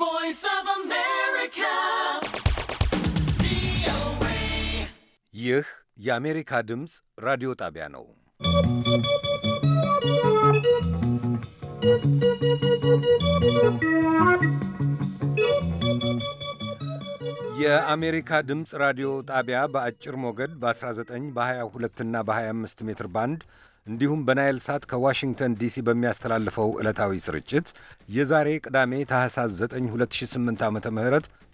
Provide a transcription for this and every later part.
voice of America. ይህ የአሜሪካ ድምፅ ራዲዮ ጣቢያ ነው። የአሜሪካ ድምፅ ራዲዮ ጣቢያ በአጭር ሞገድ በ19 በ22 እና በ25 ሜትር ባንድ እንዲሁም በናይል ሳት ከዋሽንግተን ዲሲ በሚያስተላልፈው ዕለታዊ ስርጭት የዛሬ ቅዳሜ ታህሳስ 9 2008 ዓ ም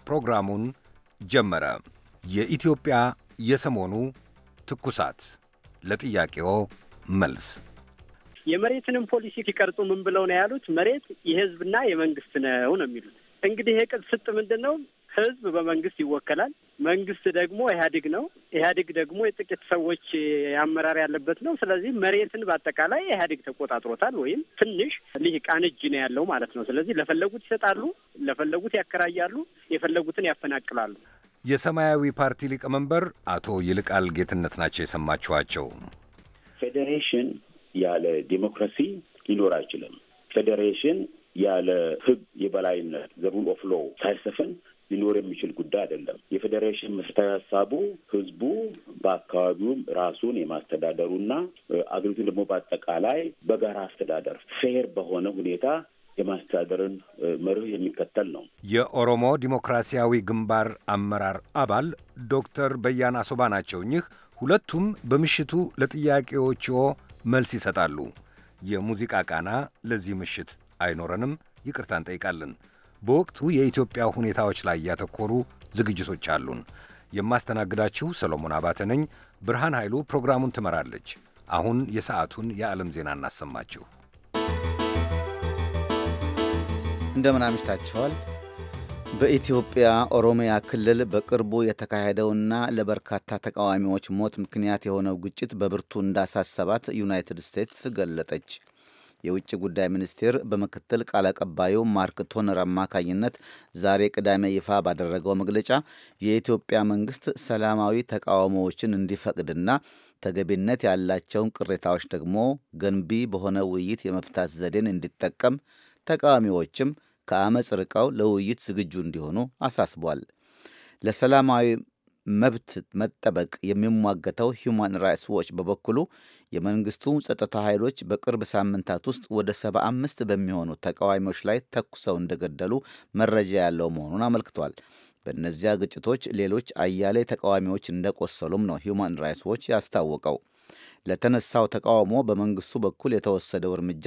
ፕሮግራሙን ጀመረ። የኢትዮጵያ የሰሞኑ ትኩሳት ለጥያቄዎ መልስ የመሬትንም ፖሊሲ ሲቀርጹ ምን ብለው ነው ያሉት? መሬት የህዝብና የመንግስት ነው ነው የሚሉት። እንግዲህ የቅጽ ስጥ ምንድን ነው? ህዝብ በመንግስት ይወከላል። መንግስት ደግሞ ኢህአዴግ ነው። ኢህአዴግ ደግሞ የጥቂት ሰዎች አመራር ያለበት ነው። ስለዚህ መሬትን በአጠቃላይ ኢህአዴግ ተቆጣጥሮታል፣ ወይም ትንሽ ልሂቃን እጅ ነው ያለው ማለት ነው። ስለዚህ ለፈለጉት ይሰጣሉ፣ ለፈለጉት ያከራያሉ፣ የፈለጉትን ያፈናቅላሉ። የሰማያዊ ፓርቲ ሊቀመንበር አቶ ይልቃል ጌትነት ናቸው የሰማችኋቸው። ፌዴሬሽን ያለ ዲሞክራሲ ሊኖር አይችልም። ፌዴሬሽን ያለ ህግ የበላይነት ዘሩል ኦፍ ሳይሰፍን ሊኖር የሚችል ጉዳይ አይደለም። የፌዴሬሽን ምስታዊ ሀሳቡ ህዝቡ በአካባቢውም ራሱን የማስተዳደሩና አገሪቱን ደግሞ በአጠቃላይ በጋራ አስተዳደር ፌር በሆነ ሁኔታ የማስተዳደርን መርህ የሚከተል ነው። የኦሮሞ ዲሞክራሲያዊ ግንባር አመራር አባል ዶክተር በያና ሶባ ናቸው። እኚህ ሁለቱም በምሽቱ ለጥያቄዎችዎ መልስ ይሰጣሉ። የሙዚቃ ቃና ለዚህ ምሽት አይኖረንም፣ ይቅርታ እንጠይቃለን። በወቅቱ የኢትዮጵያ ሁኔታዎች ላይ ያተኮሩ ዝግጅቶች አሉን። የማስተናግዳችሁ ሰሎሞን አባተ ነኝ። ብርሃን ኃይሉ ፕሮግራሙን ትመራለች። አሁን የሰዓቱን የዓለም ዜና እናሰማችሁ። እንደምን አምሽታችኋል። በኢትዮጵያ ኦሮሚያ ክልል በቅርቡ የተካሄደውና ለበርካታ ተቃዋሚዎች ሞት ምክንያት የሆነው ግጭት በብርቱ እንዳሳሰባት ዩናይትድ ስቴትስ ገለጠች። የውጭ ጉዳይ ሚኒስቴር በምክትል ቃል አቀባዩ ማርክ ቶነር አማካኝነት ዛሬ ቅዳሜ ይፋ ባደረገው መግለጫ የኢትዮጵያ መንግስት ሰላማዊ ተቃውሞዎችን እንዲፈቅድና ተገቢነት ያላቸውን ቅሬታዎች ደግሞ ገንቢ በሆነ ውይይት የመፍታት ዘዴን እንዲጠቀም ተቃዋሚዎችም ከአመፅ ርቀው ለውይይት ዝግጁ እንዲሆኑ አሳስቧል። ለሰላማዊ መብት መጠበቅ የሚሟገተው ሂዩማን ራይትስ ዎች በበኩሉ የመንግስቱ ጸጥታ ኃይሎች በቅርብ ሳምንታት ውስጥ ወደ 75 በሚሆኑ ተቃዋሚዎች ላይ ተኩሰው እንደገደሉ መረጃ ያለው መሆኑን አመልክቷል። በእነዚያ ግጭቶች ሌሎች አያሌ ተቃዋሚዎች እንደቆሰሉም ነው ሂውማን ራይትስ ዎች ያስታወቀው። ለተነሳው ተቃውሞ በመንግስቱ በኩል የተወሰደው እርምጃ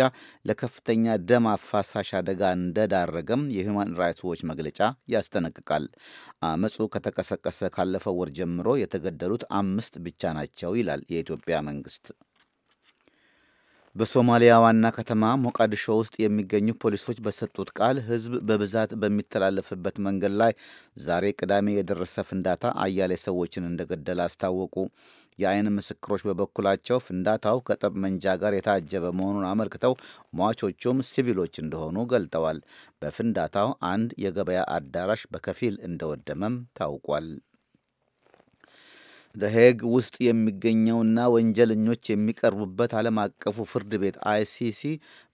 ለከፍተኛ ደም አፋሳሽ አደጋ እንደዳረገም የሁማን ራይትስ ዎች መግለጫ ያስጠነቅቃል። አመፁ ከተቀሰቀሰ ካለፈው ወር ጀምሮ የተገደሉት አምስት ብቻ ናቸው ይላል የኢትዮጵያ መንግስት። በሶማሊያ ዋና ከተማ ሞቃዲሾ ውስጥ የሚገኙ ፖሊሶች በሰጡት ቃል ሕዝብ በብዛት በሚተላለፍበት መንገድ ላይ ዛሬ ቅዳሜ የደረሰ ፍንዳታ አያሌ ሰዎችን እንደገደለ አስታወቁ። የአይን ምስክሮች በበኩላቸው ፍንዳታው ከጠመንጃ ጋር የታጀበ መሆኑን አመልክተው ሟቾቹም ሲቪሎች እንደሆኑ ገልጠዋል። በፍንዳታው አንድ የገበያ አዳራሽ በከፊል እንደወደመም ታውቋል። ደሄግ ውስጥ የሚገኘውና ወንጀለኞች የሚቀርቡበት ዓለም አቀፉ ፍርድ ቤት አይሲሲ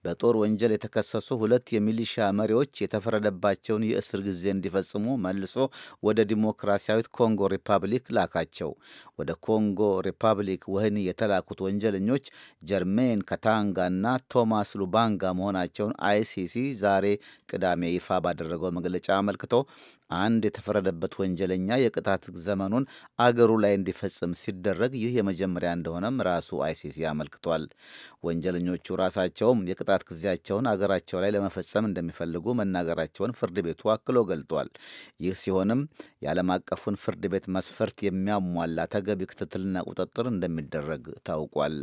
በጦር ወንጀል የተከሰሱ ሁለት የሚሊሻ መሪዎች የተፈረደባቸውን የእስር ጊዜ እንዲፈጽሙ መልሶ ወደ ዲሞክራሲያዊት ኮንጎ ሪፐብሊክ ላካቸው። ወደ ኮንጎ ሪፐብሊክ ወህኒ የተላኩት ወንጀለኞች ጀርሜን ካታንጋ ቶማስ ሉባንጋ መሆናቸውን አይሲሲ ዛሬ ቅዳሜ ይፋ ባደረገው መግለጫ አመልክቶ አንድ የተፈረደበት ወንጀለኛ የቅጣት ዘመኑን አገሩ ላይ እንዲፈጽም ሲደረግ ይህ የመጀመሪያ እንደሆነም ራሱ አይሲሲ አመልክቷል። ወንጀለኞቹ ራሳቸውም የቅጣት ጊዜያቸውን አገራቸው ላይ ለመፈጸም እንደሚፈልጉ መናገራቸውን ፍርድ ቤቱ አክሎ ገልጧል። ይህ ሲሆንም የዓለም አቀፉን ፍርድ ቤት መስፈርት የሚያሟላ ተገቢ ክትትልና ቁጥጥር እንደሚደረግ ታውቋል።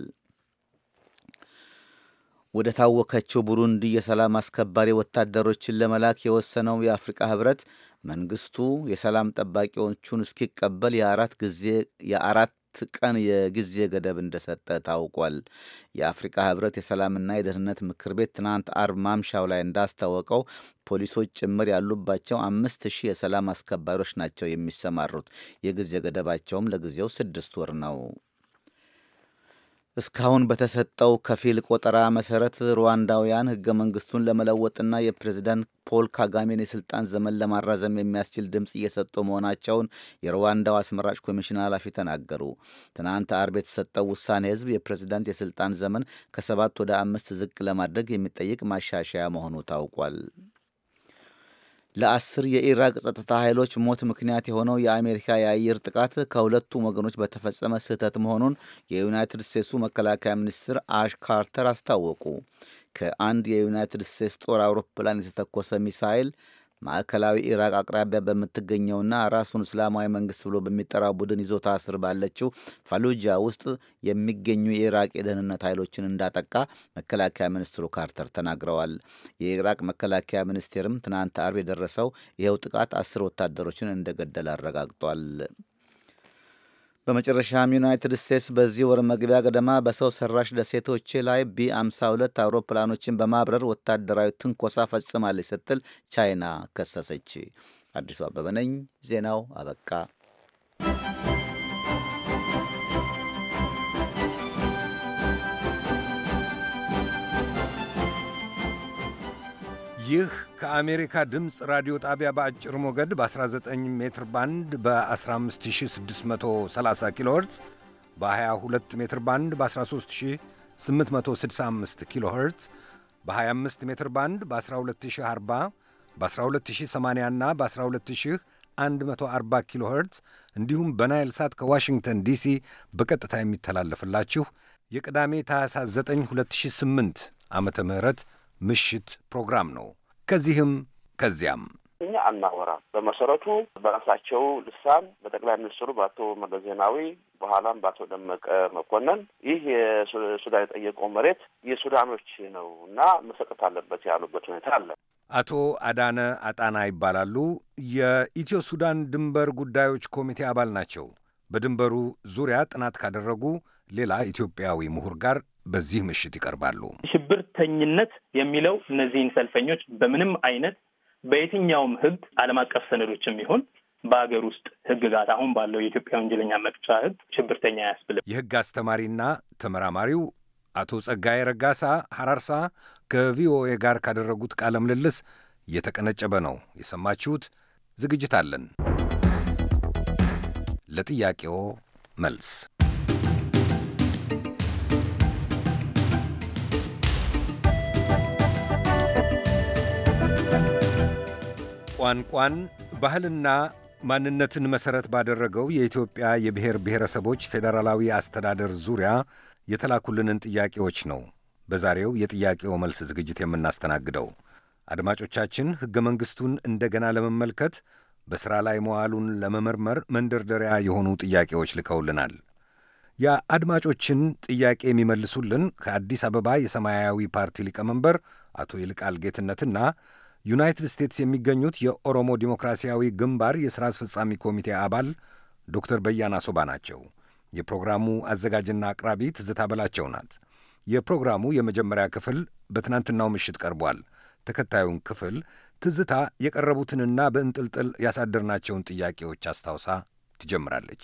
ወደ ታወከችው ቡሩንዲ የሰላም አስከባሪ ወታደሮችን ለመላክ የወሰነው የአፍሪቃ ህብረት መንግስቱ የሰላም ጠባቂዎቹን እስኪቀበል የአራት አራት ቀን የጊዜ ገደብ እንደሰጠ ታውቋል። የአፍሪካ ህብረት የሰላምና የደህንነት ምክር ቤት ትናንት አርብ ማምሻው ላይ እንዳስታወቀው ፖሊሶች ጭምር ያሉባቸው አምስት ሺህ የሰላም አስከባሪዎች ናቸው የሚሰማሩት። የጊዜ ገደባቸውም ለጊዜው ስድስት ወር ነው። እስካሁን በተሰጠው ከፊል ቆጠራ መሰረት ሩዋንዳውያን ህገ መንግስቱን ለመለወጥና የፕሬዝዳንት ፖል ካጋሜን የስልጣን ዘመን ለማራዘም የሚያስችል ድምፅ እየሰጡ መሆናቸውን የሩዋንዳው አስመራጭ ኮሚሽን ኃላፊ ተናገሩ። ትናንት አርብ የተሰጠው ውሳኔ ህዝብ የፕሬዝዳንት የስልጣን ዘመን ከሰባት ወደ አምስት ዝቅ ለማድረግ የሚጠይቅ ማሻሻያ መሆኑ ታውቋል። ለአስር የኢራቅ ጸጥታ ኃይሎች ሞት ምክንያት የሆነው የአሜሪካ የአየር ጥቃት ከሁለቱም ወገኖች በተፈጸመ ስህተት መሆኑን የዩናይትድ ስቴትሱ መከላከያ ሚኒስትር አሽ ካርተር አስታወቁ። ከአንድ የዩናይትድ ስቴትስ ጦር አውሮፕላን የተተኮሰ ሚሳይል ማዕከላዊ ኢራቅ አቅራቢያ በምትገኘውና ራሱን እስላማዊ መንግስት ብሎ በሚጠራው ቡድን ይዞታ ስር ባለችው ፋሉጃ ውስጥ የሚገኙ የኢራቅ የደህንነት ኃይሎችን እንዳጠቃ መከላከያ ሚኒስትሩ ካርተር ተናግረዋል። የኢራቅ መከላከያ ሚኒስቴርም ትናንት አርብ የደረሰው ይኸው ጥቃት አስር ወታደሮችን እንደገደል አረጋግጧል። በመጨረሻም ዩናይትድ ስቴትስ በዚህ ወር መግቢያ ገደማ በሰው ሰራሽ ደሴቶች ላይ ቢ52 አውሮፕላኖችን በማብረር ወታደራዊ ትንኮሳ ፈጽማለች ስትል ቻይና ከሰሰች። አዲሱ አበበ ነኝ። ዜናው አበቃ። ይህ ከአሜሪካ ድምፅ ራዲዮ ጣቢያ በአጭር ሞገድ በ19 ሜትር ባንድ በ15630 ኪሎ ኸርትዝ በ22 ሜትር ባንድ በ13865 ኪሎ ኸርትዝ በ25 ሜትር ባንድ በ 1240 በ12080 እና በ12140 ኪሎ ኸርትዝ እንዲሁም በናይል ሳት ከዋሽንግተን ዲሲ በቀጥታ የሚተላለፍላችሁ የቅዳሜ ታህሳስ 9 2008 ዓመተ ምህረት ምሽት ፕሮግራም ነው። ከዚህም ከዚያም እኛ አናወራም። በመሰረቱ በራሳቸው ልሳን በጠቅላይ ሚኒስትሩ በአቶ መለስ ዜናዊ በኋላም በአቶ ደመቀ መኮንን ይህ የሱዳን የጠየቀው መሬት የሱዳኖች ነው እና መሰጠት አለበት ያሉበት ሁኔታ አለ። አቶ አዳነ አጣና ይባላሉ። የኢትዮ ሱዳን ድንበር ጉዳዮች ኮሚቴ አባል ናቸው። በድንበሩ ዙሪያ ጥናት ካደረጉ ሌላ ኢትዮጵያዊ ምሁር ጋር በዚህ ምሽት ይቀርባሉ። ሽብርተኝነት የሚለው እነዚህን ሰልፈኞች በምንም አይነት በየትኛውም ህግ ዓለም አቀፍ ሰነዶች የሚሆን በሀገር ውስጥ ህግጋት አሁን ባለው የኢትዮጵያ ወንጀለኛ መቅጫ ህግ ሽብርተኛ አያስብልም። የህግ አስተማሪና ተመራማሪው አቶ ጸጋዬ ረጋሳ ሐራርሳ ከቪኦኤ ጋር ካደረጉት ቃለ ምልልስ የተቀነጨበ ነው የሰማችሁት። ዝግጅት አለን ለጥያቄዎ መልስ ቋንቋን፣ ባህልና ማንነትን መሠረት ባደረገው የኢትዮጵያ የብሔር ብሔረሰቦች ፌዴራላዊ አስተዳደር ዙሪያ የተላኩልንን ጥያቄዎች ነው በዛሬው የጥያቄው መልስ ዝግጅት የምናስተናግደው። አድማጮቻችን ሕገ መንግሥቱን እንደገና ለመመልከት በሥራ ላይ መዋሉን ለመመርመር መንደርደሪያ የሆኑ ጥያቄዎች ልከውልናል። የአድማጮችን ጥያቄ የሚመልሱልን ከአዲስ አበባ የሰማያዊ ፓርቲ ሊቀመንበር አቶ ይልቃል ጌትነትና ዩናይትድ ስቴትስ የሚገኙት የኦሮሞ ዲሞክራሲያዊ ግንባር የሥራ አስፈጻሚ ኮሚቴ አባል ዶክተር በያና ሶባ ናቸው። የፕሮግራሙ አዘጋጅና አቅራቢ ትዝታ በላቸው ናት። የፕሮግራሙ የመጀመሪያ ክፍል በትናንትናው ምሽት ቀርቧል። ተከታዩን ክፍል ትዝታ የቀረቡትንና በእንጥልጥል ያሳደርናቸውን ጥያቄዎች አስታውሳ ትጀምራለች።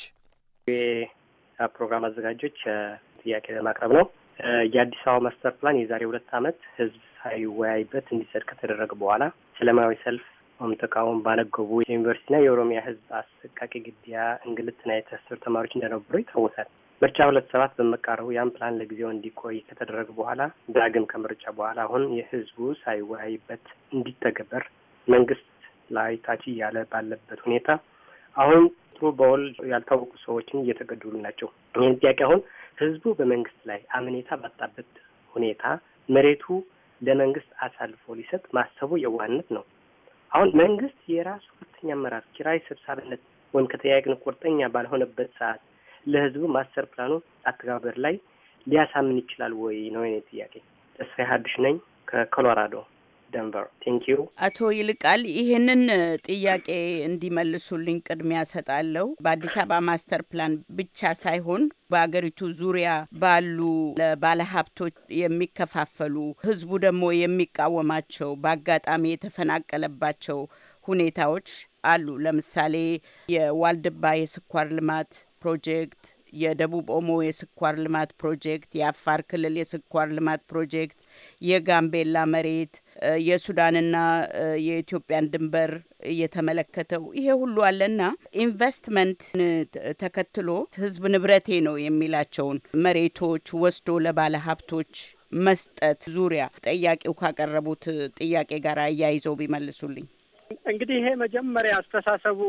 ፕሮግራም አዘጋጆች ጥያቄ ለማቅረብ ነው። የአዲስ አበባ ማስተር ፕላን የዛሬ ሁለት ዓመት ህዝብ ሳይወያይበት እንዲሰድ ከተደረገ በኋላ ሰላማዊ ሰልፍ ተቃውሞ ባነገቡ የዩኒቨርሲቲና የኦሮሚያ ህዝብ አሰቃቂ ግድያ፣ እንግልትና የታሰሩ ተማሪዎች እንደነበሩ ይታወሳል። ምርጫ ሁለት ሰባት በመቃረቡ ያን ፕላን ለጊዜው እንዲቆይ ከተደረገ በኋላ ዳግም ከምርጫ በኋላ አሁን የህዝቡ ሳይወያይበት እንዲተገበር መንግስት ላይ ታች እያለ ባለበት ሁኔታ አሁን ጥሩ በውል ያልታወቁ ሰዎችን እየተገደሉ ናቸው። ይህን ጥያቄ አሁን ህዝቡ በመንግስት ላይ አመኔታ ባጣበት ሁኔታ መሬቱ ለመንግስት አሳልፎ ሊሰጥ ማሰቡ የዋህነት ነው። አሁን መንግስት የራሱ ከፍተኛ አመራር ኪራይ ሰብሳቢነት ወይም ከተያያቅን ቁርጠኛ ባልሆነበት ሰዓት ለህዝቡ ማስተር ፕላኑ አተገባበር ላይ ሊያሳምን ይችላል ወይ ነው የኔ ጥያቄ። ተስፋዬ ሀዱሽ ነኝ ከኮሎራዶ። ደንቨር አቶ ይልቃል ይህንን ጥያቄ እንዲመልሱልኝ ቅድሚያ ሰጣለሁ። በአዲስ አበባ ማስተር ፕላን ብቻ ሳይሆን በአገሪቱ ዙሪያ ባሉ ለባለሀብቶች የሚከፋፈሉ ህዝቡ ደግሞ የሚቃወማቸው በአጋጣሚ የተፈናቀለባቸው ሁኔታዎች አሉ። ለምሳሌ የዋልድባ የስኳር ልማት ፕሮጀክት የደቡብ ኦሞ የስኳር ልማት ፕሮጀክት፣ የአፋር ክልል የስኳር ልማት ፕሮጀክት፣ የጋምቤላ መሬት፣ የሱዳንና የኢትዮጵያን ድንበር እየተመለከተው ይሄ ሁሉ አለና ኢንቨስትመንት ተከትሎ ህዝብ ንብረቴ ነው የሚላቸውን መሬቶች ወስዶ ለባለ ሀብቶች መስጠት ዙሪያ ጠያቂው ካቀረቡት ጥያቄ ጋር አያይዘው ቢመልሱልኝ። እንግዲህ ይሄ መጀመሪያ አስተሳሰቡ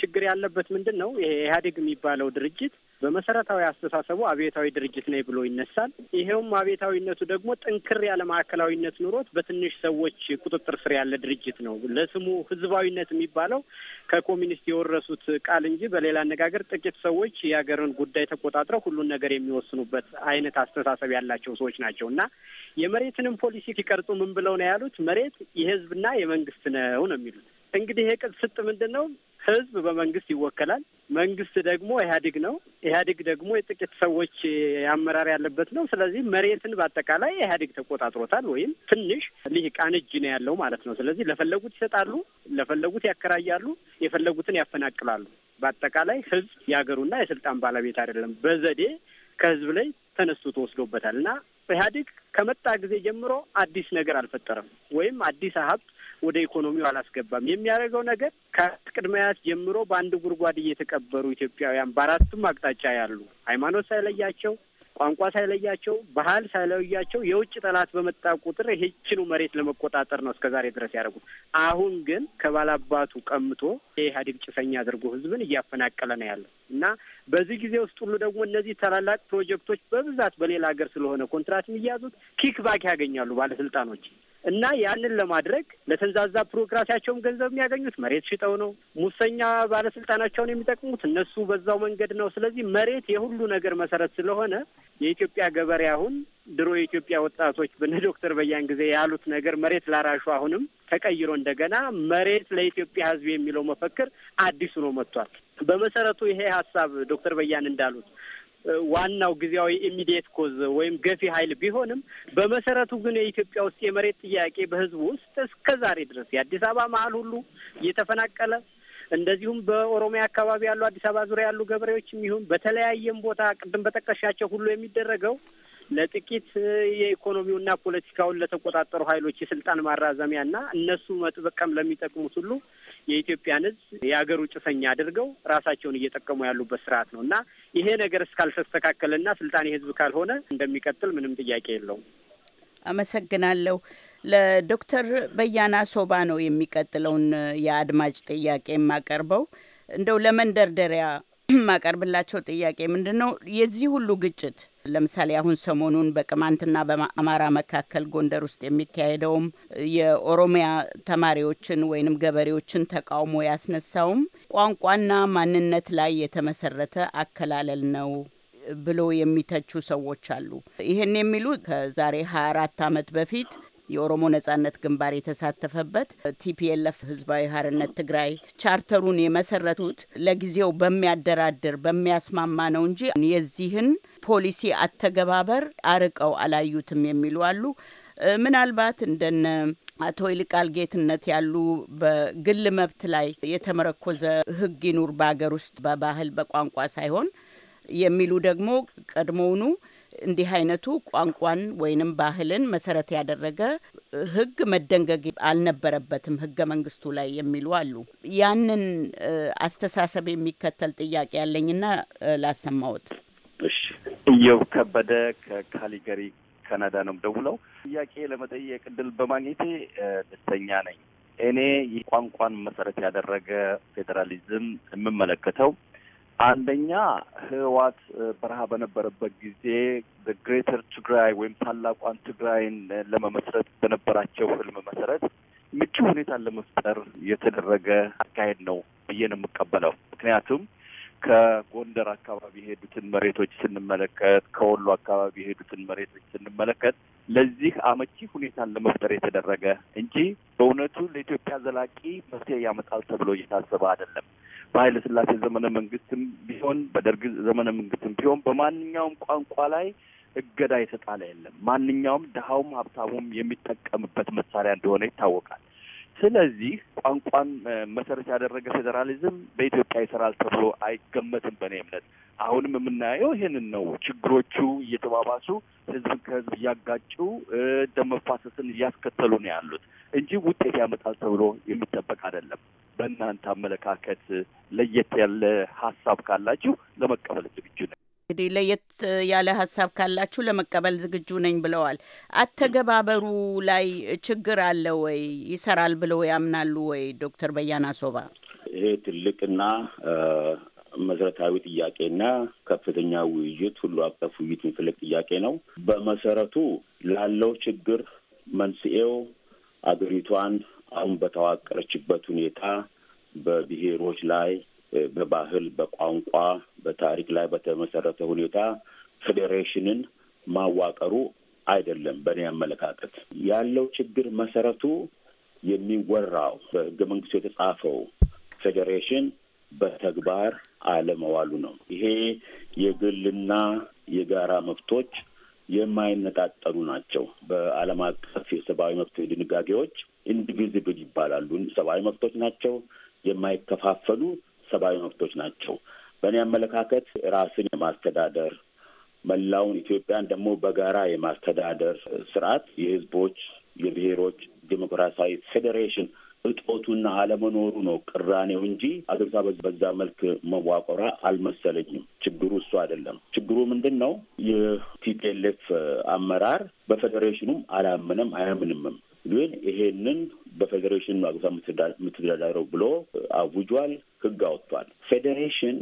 ችግር ያለበት ምንድን ነው? ይሄ ኢህአዴግ የሚባለው ድርጅት በመሰረታዊ አስተሳሰቡ አብዮታዊ ድርጅት ነኝ ብሎ ይነሳል። ይሄውም አብዮታዊነቱ ደግሞ ጥንክር ያለ ማዕከላዊነት ኑሮት በትንሽ ሰዎች ቁጥጥር ስር ያለ ድርጅት ነው። ለስሙ ህዝባዊነት የሚባለው ከኮሚኒስት የወረሱት ቃል እንጂ በሌላ አነጋገር ጥቂት ሰዎች የሀገርን ጉዳይ ተቆጣጥረው ሁሉን ነገር የሚወስኑበት አይነት አስተሳሰብ ያላቸው ሰዎች ናቸው እና የመሬትንም ፖሊሲ ሲቀርጹ ምን ብለው ነው ያሉት? መሬት የህዝብና የመንግስት ነው ነው የሚሉት። እንግዲህ የቅጽ ስጥ ምንድን ነው? ህዝብ በመንግስት ይወከላል። መንግስት ደግሞ ኢህአዴግ ነው። ኢህአዴግ ደግሞ የጥቂት ሰዎች አመራር ያለበት ነው። ስለዚህ መሬትን በአጠቃላይ ኢህአዴግ ተቆጣጥሮታል፣ ወይም ትንሽ ልሂቃን እጅ ነው ያለው ማለት ነው። ስለዚህ ለፈለጉት ይሰጣሉ፣ ለፈለጉት ያከራያሉ፣ የፈለጉትን ያፈናቅላሉ። በአጠቃላይ ህዝብ የሀገሩና የስልጣን ባለቤት አይደለም። በዘዴ ከህዝብ ላይ ተነስቶ ተወስዶበታል እና ኢህአዴግ ከመጣ ጊዜ ጀምሮ አዲስ ነገር አልፈጠረም ወይም አዲስ ሀብት ወደ ኢኮኖሚው አላስገባም። የሚያደርገው ነገር ከቅድመያት ጀምሮ በአንድ ጉድጓድ እየተቀበሩ ኢትዮጵያውያን በአራቱም አቅጣጫ ያሉ ሃይማኖት ሳይለያቸው ቋንቋ ሳይለያቸው ባህል ሳይለያቸው የውጭ ጠላት በመጣ ቁጥር ይህችኑ መሬት ለመቆጣጠር ነው እስከ ዛሬ ድረስ ያደርጉ አሁን ግን ከባላባቱ ቀምቶ የኢህአዴግ ጭፈኛ አድርጎ ህዝብን እያፈናቀለ ነው ያለው እና በዚህ ጊዜ ውስጥ ሁሉ ደግሞ እነዚህ ታላላቅ ፕሮጀክቶች በብዛት በሌላ ሀገር ስለሆነ ኮንትራት የሚያዙት ኪክባክ ያገኛሉ ባለስልጣኖች። እና ያንን ለማድረግ ለተንዛዛ ቢሮክራሲያቸውም ገንዘብ የሚያገኙት መሬት ሽጠው ነው። ሙሰኛ ባለስልጣናቸውን የሚጠቅሙት እነሱ በዛው መንገድ ነው። ስለዚህ መሬት የሁሉ ነገር መሰረት ስለሆነ የኢትዮጵያ ገበሬ አሁን ድሮ የኢትዮጵያ ወጣቶች በነ ዶክተር በያን ጊዜ ያሉት ነገር መሬት ላራሹ አሁንም ተቀይሮ እንደገና መሬት ለኢትዮጵያ ሕዝብ የሚለው መፈክር አዲሱ ነው መጥቷል። በመሰረቱ ይሄ ሀሳብ ዶክተር በያን እንዳሉት ዋናው ጊዜያዊ ኢሚዲየት ኮዝ ወይም ገፊ ኃይል ቢሆንም በመሰረቱ ግን የኢትዮጵያ ውስጥ የመሬት ጥያቄ በህዝቡ ውስጥ እስከ ዛሬ ድረስ የአዲስ አበባ መሀል ሁሉ እየተፈናቀለ እንደዚሁም በኦሮሚያ አካባቢ ያሉ አዲስ አበባ ዙሪያ ያሉ ገበሬዎችም ይሁን በተለያየም ቦታ ቅድም በጠቀሻቸው ሁሉ የሚደረገው ለጥቂት የኢኮኖሚውና ፖለቲካውን ለተቆጣጠሩ ኃይሎች የስልጣን ማራዘሚያና እነሱ መጥበቀም ለሚጠቅሙት ሁሉ የኢትዮጵያን ሕዝብ የሀገሩ ጭሰኛ አድርገው ራሳቸውን እየጠቀሙ ያሉበት ስርዓት ነው እና ይሄ ነገር እስካልተስተካከለና ስልጣን የሕዝብ ካልሆነ እንደሚቀጥል ምንም ጥያቄ የለውም። አመሰግናለሁ። ለዶክተር በያና ሶባ ነው የሚቀጥለውን የአድማጭ ጥያቄ የማቀርበው። እንደው ለመንደርደሪያ የማቀርብላቸው ጥያቄ ምንድን ነው የዚህ ሁሉ ግጭት ለምሳሌ አሁን ሰሞኑን በቅማንትና በአማራ መካከል ጎንደር ውስጥ የሚካሄደውም የኦሮሚያ ተማሪዎችን ወይንም ገበሬዎችን ተቃውሞ ያስነሳውም ቋንቋና ማንነት ላይ የተመሰረተ አከላለል ነው ብሎ የሚተቹ ሰዎች አሉ። ይህን የሚሉት ከዛሬ 24 ዓመት በፊት የኦሮሞ ነጻነት ግንባር የተሳተፈበት ቲፒኤልኤፍ ህዝባዊ ሀርነት ትግራይ ቻርተሩን የመሰረቱት ለጊዜው በሚያደራድር በሚያስማማ ነው እንጂ የዚህን ፖሊሲ አተገባበር አርቀው አላዩትም የሚሉ አሉ። ምናልባት እንደነ አቶ ይልቃል ጌትነት ያሉ በግል መብት ላይ የተመረኮዘ ህግ ይኑር በሀገር ውስጥ በባህል በቋንቋ ሳይሆን የሚሉ ደግሞ ቀድሞውኑ እንዲህ አይነቱ ቋንቋን ወይንም ባህልን መሰረት ያደረገ ህግ መደንገግ አልነበረበትም ህገ መንግስቱ ላይ የሚሉ አሉ። ያንን አስተሳሰብ የሚከተል ጥያቄ ያለኝና ላሰማዎት። እሺ፣ እየው ከበደ ከካሊገሪ ካናዳ ነው ደውለው ጥያቄ ለመጠየቅ እድል በማግኘቴ ደስተኛ ነኝ። እኔ ቋንቋን መሰረት ያደረገ ፌዴራሊዝም የምመለከተው አንደኛ ህወሓት በረሃ በነበረበት ጊዜ ግሬተር ትግራይ ወይም ታላቋን ትግራይን ለመመስረት በነበራቸው ህልም መሰረት ምቹ ሁኔታን ለመፍጠር የተደረገ አካሄድ ነው ብዬ ነው የምቀበለው። ምክንያቱም ከጎንደር አካባቢ የሄዱትን መሬቶች ስንመለከት፣ ከወሎ አካባቢ የሄዱትን መሬቶች ስንመለከት ለዚህ አመቺ ሁኔታን ለመፍጠር የተደረገ እንጂ በእውነቱ ለኢትዮጵያ ዘላቂ መፍትሄ ያመጣል ተብሎ እየታሰበ አይደለም። በኃይለ ሥላሴ ዘመነ መንግስትም ቢሆን በደርግ ዘመነ መንግስትም ቢሆን በማንኛውም ቋንቋ ላይ እገዳ የተጣለ የለም። ማንኛውም ድሀውም ሀብታሙም የሚጠቀምበት መሳሪያ እንደሆነ ይታወቃል። ስለዚህ ቋንቋን መሰረት ያደረገ ፌዴራሊዝም በኢትዮጵያ ይሰራል ተብሎ አይገመትም። በእኔ እምነት አሁንም የምናየው ይህንን ነው። ችግሮቹ እየተባባሱ ህዝብን ከህዝብ እያጋጩ ደም መፋሰስን እያስከተሉ ነው ያሉት እንጂ ውጤት ያመጣል ተብሎ የሚጠበቅ አይደለም። በእናንተ አመለካከት ለየት ያለ ሀሳብ ካላችሁ ለመቀበል ዝግጁ እንግዲህ ለየት ያለ ሀሳብ ካላችሁ ለመቀበል ዝግጁ ነኝ ብለዋል። አተገባበሩ ላይ ችግር አለ ወይ? ይሰራል ብለው ያምናሉ ወይ? ዶክተር በያና ሶባ ይሄ ትልቅና መሰረታዊ ጥያቄና ከፍተኛ ውይይት ሁሉ አቀፍ ውይይት የሚፈልግ ጥያቄ ነው። በመሰረቱ ላለው ችግር መንስኤው አገሪቷን አሁን በተዋቀረችበት ሁኔታ በብሔሮች ላይ በባህል፣ በቋንቋ፣ በታሪክ ላይ በተመሰረተ ሁኔታ ፌዴሬሽንን ማዋቀሩ አይደለም። በእኔ አመለካከት ያለው ችግር መሰረቱ የሚወራው በህገ መንግስቱ የተጻፈው ፌዴሬሽን በተግባር አለመዋሉ ነው። ይሄ የግልና የጋራ መብቶች የማይነጣጠሉ ናቸው። በዓለም አቀፍ የሰብአዊ መብት ድንጋጌዎች ኢንዲቪዚብል ይባላሉ። ሰብአዊ መብቶች ናቸው የማይከፋፈሉ ሰብአዊ መብቶች ናቸው። በእኔ አመለካከት ራስን የማስተዳደር መላውን ኢትዮጵያን ደግሞ በጋራ የማስተዳደር ስርዓት የህዝቦች የብሔሮች ዴሞክራሲያዊ ፌዴሬሽን እጦቱና አለመኖሩ ነው ቅራኔው እንጂ አገሪቷ በዛ መልክ መዋቆራ አልመሰለኝም። ችግሩ እሱ አይደለም። ችግሩ ምንድን ነው? የቲፒኤልኤፍ አመራር በፌዴሬሽኑም አላምንም አያምንምም። ግን ይሄንን በፌዴሬሽን አገሪቷ የምትተዳደረው ብሎ አውጇል። ህግ አውጥቷል። ፌዴሬሽን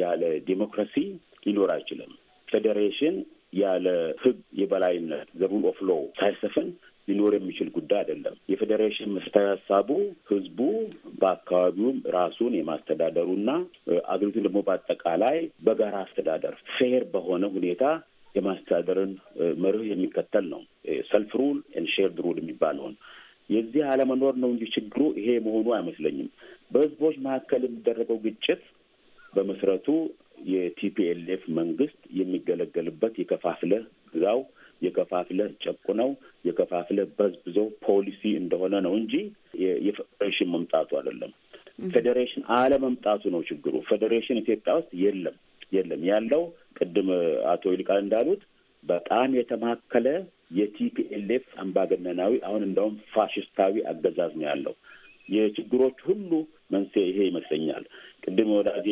ያለ ዲሞክራሲ ሊኖር አይችልም። ፌዴሬሽን ያለ ህግ የበላይነት ዘሩል ኦፍ ሎው ሳይሰፍን ሊኖር የሚችል ጉዳይ አይደለም። የፌዴሬሽን መሰረታዊ ሀሳቡ ህዝቡ በአካባቢውም ራሱን የማስተዳደሩና አገሪቱን ደግሞ በአጠቃላይ በጋራ አስተዳደር ፌር በሆነ ሁኔታ የማስተዳደርን መርህ የሚከተል ነው። ሰልፍ ሩል ኤንድ ሼርድ ሩል የሚባለውን የዚህ አለመኖር ነው እንጂ ችግሩ ይሄ መሆኑ አይመስለኝም። በህዝቦች መካከል የሚደረገው ግጭት በመሰረቱ የቲፒኤልኤፍ መንግስት የሚገለገልበት የከፋፍለህ ግዛው፣ ጨቁ ነው የከፋፍለ በዝብዞ ፖሊሲ እንደሆነ ነው እንጂ የፌዴሬሽን መምጣቱ አይደለም። ፌዴሬሽን አለመምጣቱ ነው ችግሩ። ፌዴሬሽን ኢትዮጵያ ውስጥ የለም የለም። ያለው ቅድም አቶ ይልቃል እንዳሉት በጣም የተማከለ የቲፒኤልኤፍ አምባገነናዊ አሁን እንደውም ፋሽስታዊ አገዛዝ ነው ያለው። የችግሮች ሁሉ መንስኤ ይሄ ይመስለኛል። ቅድም ወዳጄ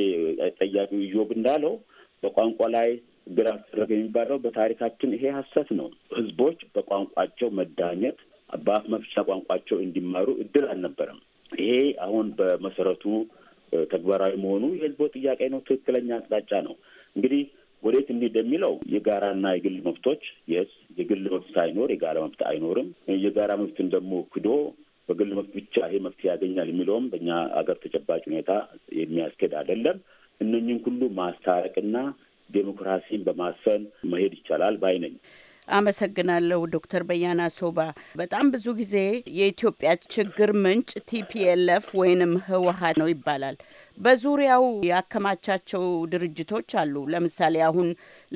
ጠያቂው ኢዮብ እንዳለው በቋንቋ ላይ ግራ ተደረገ የሚባለው በታሪካችን ይሄ ሀሰት ነው። ህዝቦች በቋንቋቸው መዳኘት፣ በአፍ መፍቻ ቋንቋቸው እንዲማሩ እድል አልነበረም። ይሄ አሁን በመሰረቱ ተግባራዊ መሆኑ የህዝቦ ጥያቄ ነው። ትክክለኛ አቅጣጫ ነው እንግዲህ ወዴት እንሂድ የሚለው የጋራና የግል መብቶች የስ የግል መብት ሳይኖር የጋራ መብት አይኖርም። የጋራ መብትን ደግሞ ክዶ በግል መብት ብቻ ይሄ መፍትሄ ያገኛል የሚለውም በእኛ አገር ተጨባጭ ሁኔታ የሚያስኬድ አይደለም። እነኝም ሁሉ ማስታረቅና ዴሞክራሲን በማሰን መሄድ ይቻላል ባይ ነኝ። አመሰግናለሁ ዶክተር በያና ሶባ። በጣም ብዙ ጊዜ የኢትዮጵያ ችግር ምንጭ ቲፒኤልኤፍ ወይንም ህወሀት ነው ይባላል። በዙሪያው ያከማቻቸው ድርጅቶች አሉ። ለምሳሌ አሁን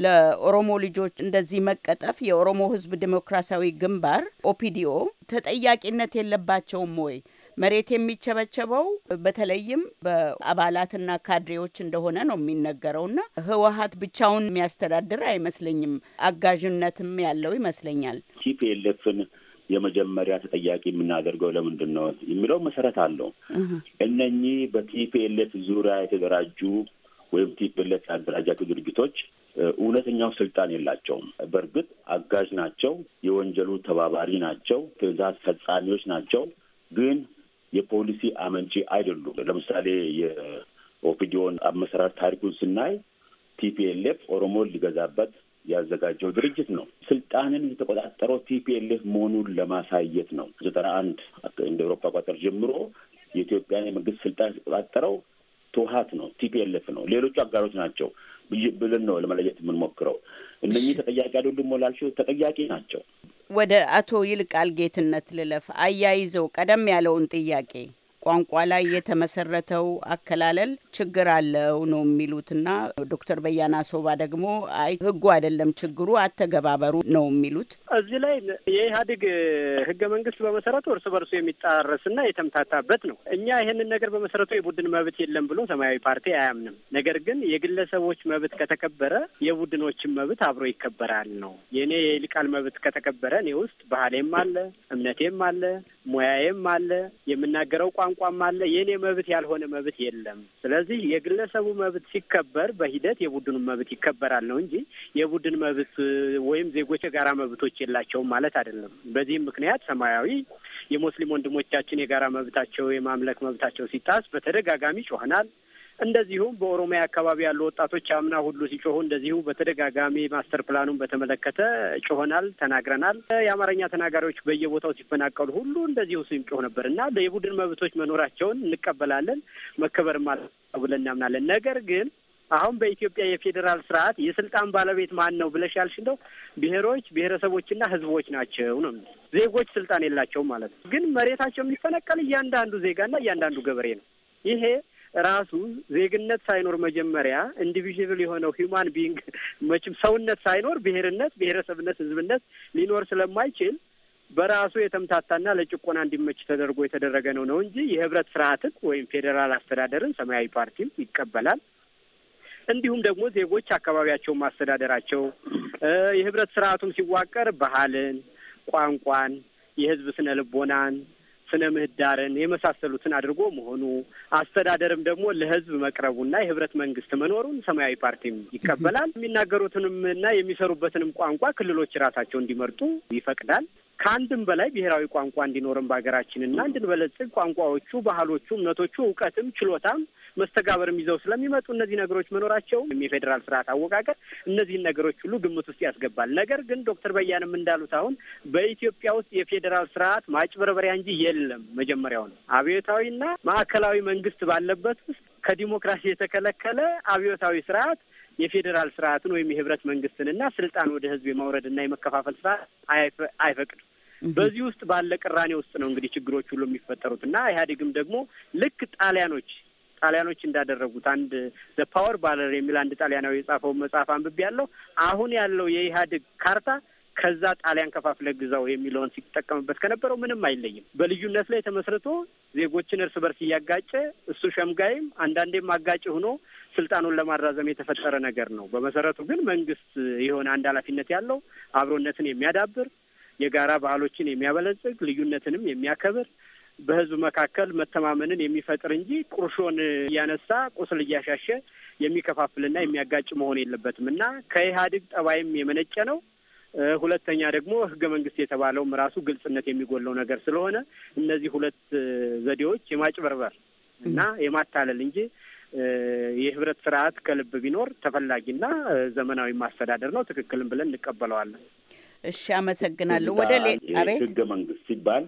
ለኦሮሞ ልጆች እንደዚህ መቀጠፍ የኦሮሞ ህዝብ ዲሞክራሲያዊ ግንባር ኦፒዲኦ ተጠያቂነት የለባቸውም ወይ? መሬት የሚቸበቸበው በተለይም በአባላትና ካድሬዎች እንደሆነ ነው የሚነገረው ና ህወሀት ብቻውን የሚያስተዳድር አይመስለኝም። አጋዥነትም ያለው ይመስለኛል። ቲፒኤልኤፍን የመጀመሪያ ተጠያቂ የምናደርገው ለምንድን ነው የሚለው መሰረት አለው። እነኚህ በቲፒኤልኤፍ ዙሪያ የተደራጁ ወይም ቲፒኤልኤፍ ያደራጃቸው ድርጅቶች እውነተኛው ስልጣን የላቸውም። በእርግጥ አጋዥ ናቸው፣ የወንጀሉ ተባባሪ ናቸው፣ ትዕዛዝ ፈጻሚዎች ናቸው። ግን የፖሊሲ አመንጪ አይደሉም። ለምሳሌ የኦፒዲዮን አመሰራር ታሪኩን ስናይ ቲፒኤልኤፍ ኦሮሞን ሊገዛበት ያዘጋጀው ድርጅት ነው። ስልጣንን የተቆጣጠረው ቲፒኤልኤፍ መሆኑን ለማሳየት ነው። ዘጠና አንድ እንደ ኤሮፓ አቆጣጠር ጀምሮ የኢትዮጵያን የመንግስት ስልጣን የተቆጣጠረው ህወሓት ነው፣ ቲፒኤልኤፍ ነው። ሌሎቹ አጋሮች ናቸው። ብለን ነው ለመለየት የምንሞክረው። እነኚህ ተጠያቂ አይደሉም ላልሽው ተጠያቂ ናቸው። ወደ አቶ ይልቃል ጌትነት ልለፍ። አያይዘው ቀደም ያለውን ጥያቄ ቋንቋ ላይ የተመሰረተው አከላለል ችግር አለው ነው የሚሉትና ዶክተር በያና ሶባ ደግሞ አይ ህጉ አይደለም ችግሩ አተገባበሩ ነው የሚሉት። እዚህ ላይ የኢህአዴግ ህገ መንግስት በመሰረቱ እርስ በርሱ የሚጣረስና የተምታታበት ነው። እኛ ይህንን ነገር በመሰረቱ የቡድን መብት የለም ብሎ ሰማያዊ ፓርቲ አያምንም። ነገር ግን የግለሰቦች መብት ከተከበረ የቡድኖችን መብት አብሮ ይከበራል ነው። የእኔ የይልቃል መብት ከተከበረ እኔ ውስጥ ባህሌም አለ፣ እምነቴም አለ፣ ሙያዬም አለ፣ የምናገረው ቋንቋ ቋንቋም አለ የእኔ መብት ያልሆነ መብት የለም። ስለዚህ የግለሰቡ መብት ሲከበር በሂደት የቡድኑ መብት ይከበራል ነው እንጂ የቡድን መብት ወይም ዜጎች የጋራ መብቶች የላቸውም ማለት አይደለም። በዚህም ምክንያት ሰማያዊ የሙስሊም ወንድሞቻችን የጋራ መብታቸው የማምለክ መብታቸው ሲጣስ በተደጋጋሚ ጮኸናል። እንደዚሁም በኦሮሚያ አካባቢ ያሉ ወጣቶች አምና ሁሉ ሲጮሁ እንደዚሁ በተደጋጋሚ ማስተር ፕላኑን በተመለከተ ጮሆናል፣ ተናግረናል። የአማርኛ ተናጋሪዎች በየቦታው ሲፈናቀሉ ሁሉ እንደዚሁ ሲጮህ ነበር እና የቡድን መብቶች መኖራቸውን እንቀበላለን፣ መከበርም አለ ብለን እናምናለን። ነገር ግን አሁን በኢትዮጵያ የፌዴራል ስርዓት የስልጣን ባለቤት ማን ነው ብለሽ ያልሽ እንደው ብሔሮች፣ ብሔረሰቦችና ህዝቦች ናቸው ነው። ዜጎች ስልጣን የላቸውም ማለት ነው። ግን መሬታቸው የሚፈነቀል እያንዳንዱ ዜጋና እያንዳንዱ ገበሬ ነው። ይሄ ራሱ ዜግነት ሳይኖር መጀመሪያ ኢንዲቪዥብል የሆነው ሂውማን ቢንግ መቼም ሰውነት ሳይኖር ብሔርነት፣ ብሔረሰብነት፣ ህዝብነት ሊኖር ስለማይችል በራሱ የተምታታና ለጭቆና እንዲመች ተደርጎ የተደረገ ነው ነው እንጂ የህብረት ስርዓትን ወይም ፌዴራል አስተዳደርን ሰማያዊ ፓርቲም ይቀበላል። እንዲሁም ደግሞ ዜጎች አካባቢያቸውን ማስተዳደራቸው የህብረት ስርዓቱም ሲዋቀር ባህልን፣ ቋንቋን፣ የህዝብ ስነ ልቦናን ስነ ምህዳርን የመሳሰሉትን አድርጎ መሆኑ አስተዳደርም ደግሞ ለህዝብ መቅረቡና የህብረት መንግስት መኖሩን ሰማያዊ ፓርቲም ይቀበላል። የሚናገሩትንም እና የሚሰሩበትንም ቋንቋ ክልሎች ራሳቸው እንዲመርጡ ይፈቅዳል። ከአንድም በላይ ብሔራዊ ቋንቋ እንዲኖርም በሀገራችንና እንድንበለጽግ ቋንቋዎቹ፣ ባህሎቹ፣ እምነቶቹ፣ እውቀትም ችሎታም መስተጋበርም ይዘው ስለሚመጡ እነዚህ ነገሮች መኖራቸውም የፌዴራል ስርዓት አወቃቀር እነዚህን ነገሮች ሁሉ ግምት ውስጥ ያስገባል። ነገር ግን ዶክተር በያንም እንዳሉት አሁን በኢትዮጵያ ውስጥ የፌዴራል ስርዓት ማጭበርበሪያ እንጂ የለም። መጀመሪያው ነው አብዮታዊና ማዕከላዊ መንግስት ባለበት ውስጥ ከዲሞክራሲ የተከለከለ አብዮታዊ ስርዓት የፌዴራል ስርዓትን ወይም የህብረት መንግስትንና ስልጣን ወደ ህዝብ የማውረድና የመከፋፈል ስርዓት አይፈቅድም። በዚህ ውስጥ ባለ ቅራኔ ውስጥ ነው እንግዲህ ችግሮች ሁሉ የሚፈጠሩት እና ኢህአዴግም ደግሞ ልክ ጣሊያኖች ጣሊያኖች እንዳደረጉት አንድ ዘ ፓወር ባለር የሚል አንድ ጣሊያናዊ የጻፈውን መጽሐፍ አንብቤ ያለው አሁን ያለው የኢህአዴግ ካርታ ከዛ ጣሊያን ከፋፍለ ግዛው የሚለውን ሲጠቀምበት ከነበረው ምንም አይለይም። በልዩነት ላይ ተመስርቶ ዜጎችን እርስ በርስ እያጋጨ እሱ ሸምጋይም አንዳንዴም አጋጭ ሆኖ ስልጣኑን ለማራዘም የተፈጠረ ነገር ነው። በመሰረቱ ግን መንግስት የሆነ አንድ ኃላፊነት ያለው አብሮነትን የሚያዳብር የጋራ ባህሎችን የሚያበለጽግ ልዩነትንም የሚያከብር በህዝብ መካከል መተማመንን የሚፈጥር እንጂ ቁርሾን እያነሳ ቁስል እያሻሸ የሚከፋፍልና የሚያጋጭ መሆን የለበትም እና ከኢህአዴግ ጠባይም የመነጨ ነው። ሁለተኛ ደግሞ ህገ መንግስት የተባለውም ራሱ ግልጽነት የሚጎለው ነገር ስለሆነ እነዚህ ሁለት ዘዴዎች የማጭበርበር እና የማታለል እንጂ የህብረት ስርዓት ከልብ ቢኖር ተፈላጊና ዘመናዊ ማስተዳደር ነው። ትክክልም ብለን እንቀበለዋለን። እሺ፣ አመሰግናለሁ። ወደ አቤት ህገ መንግስት ሲባል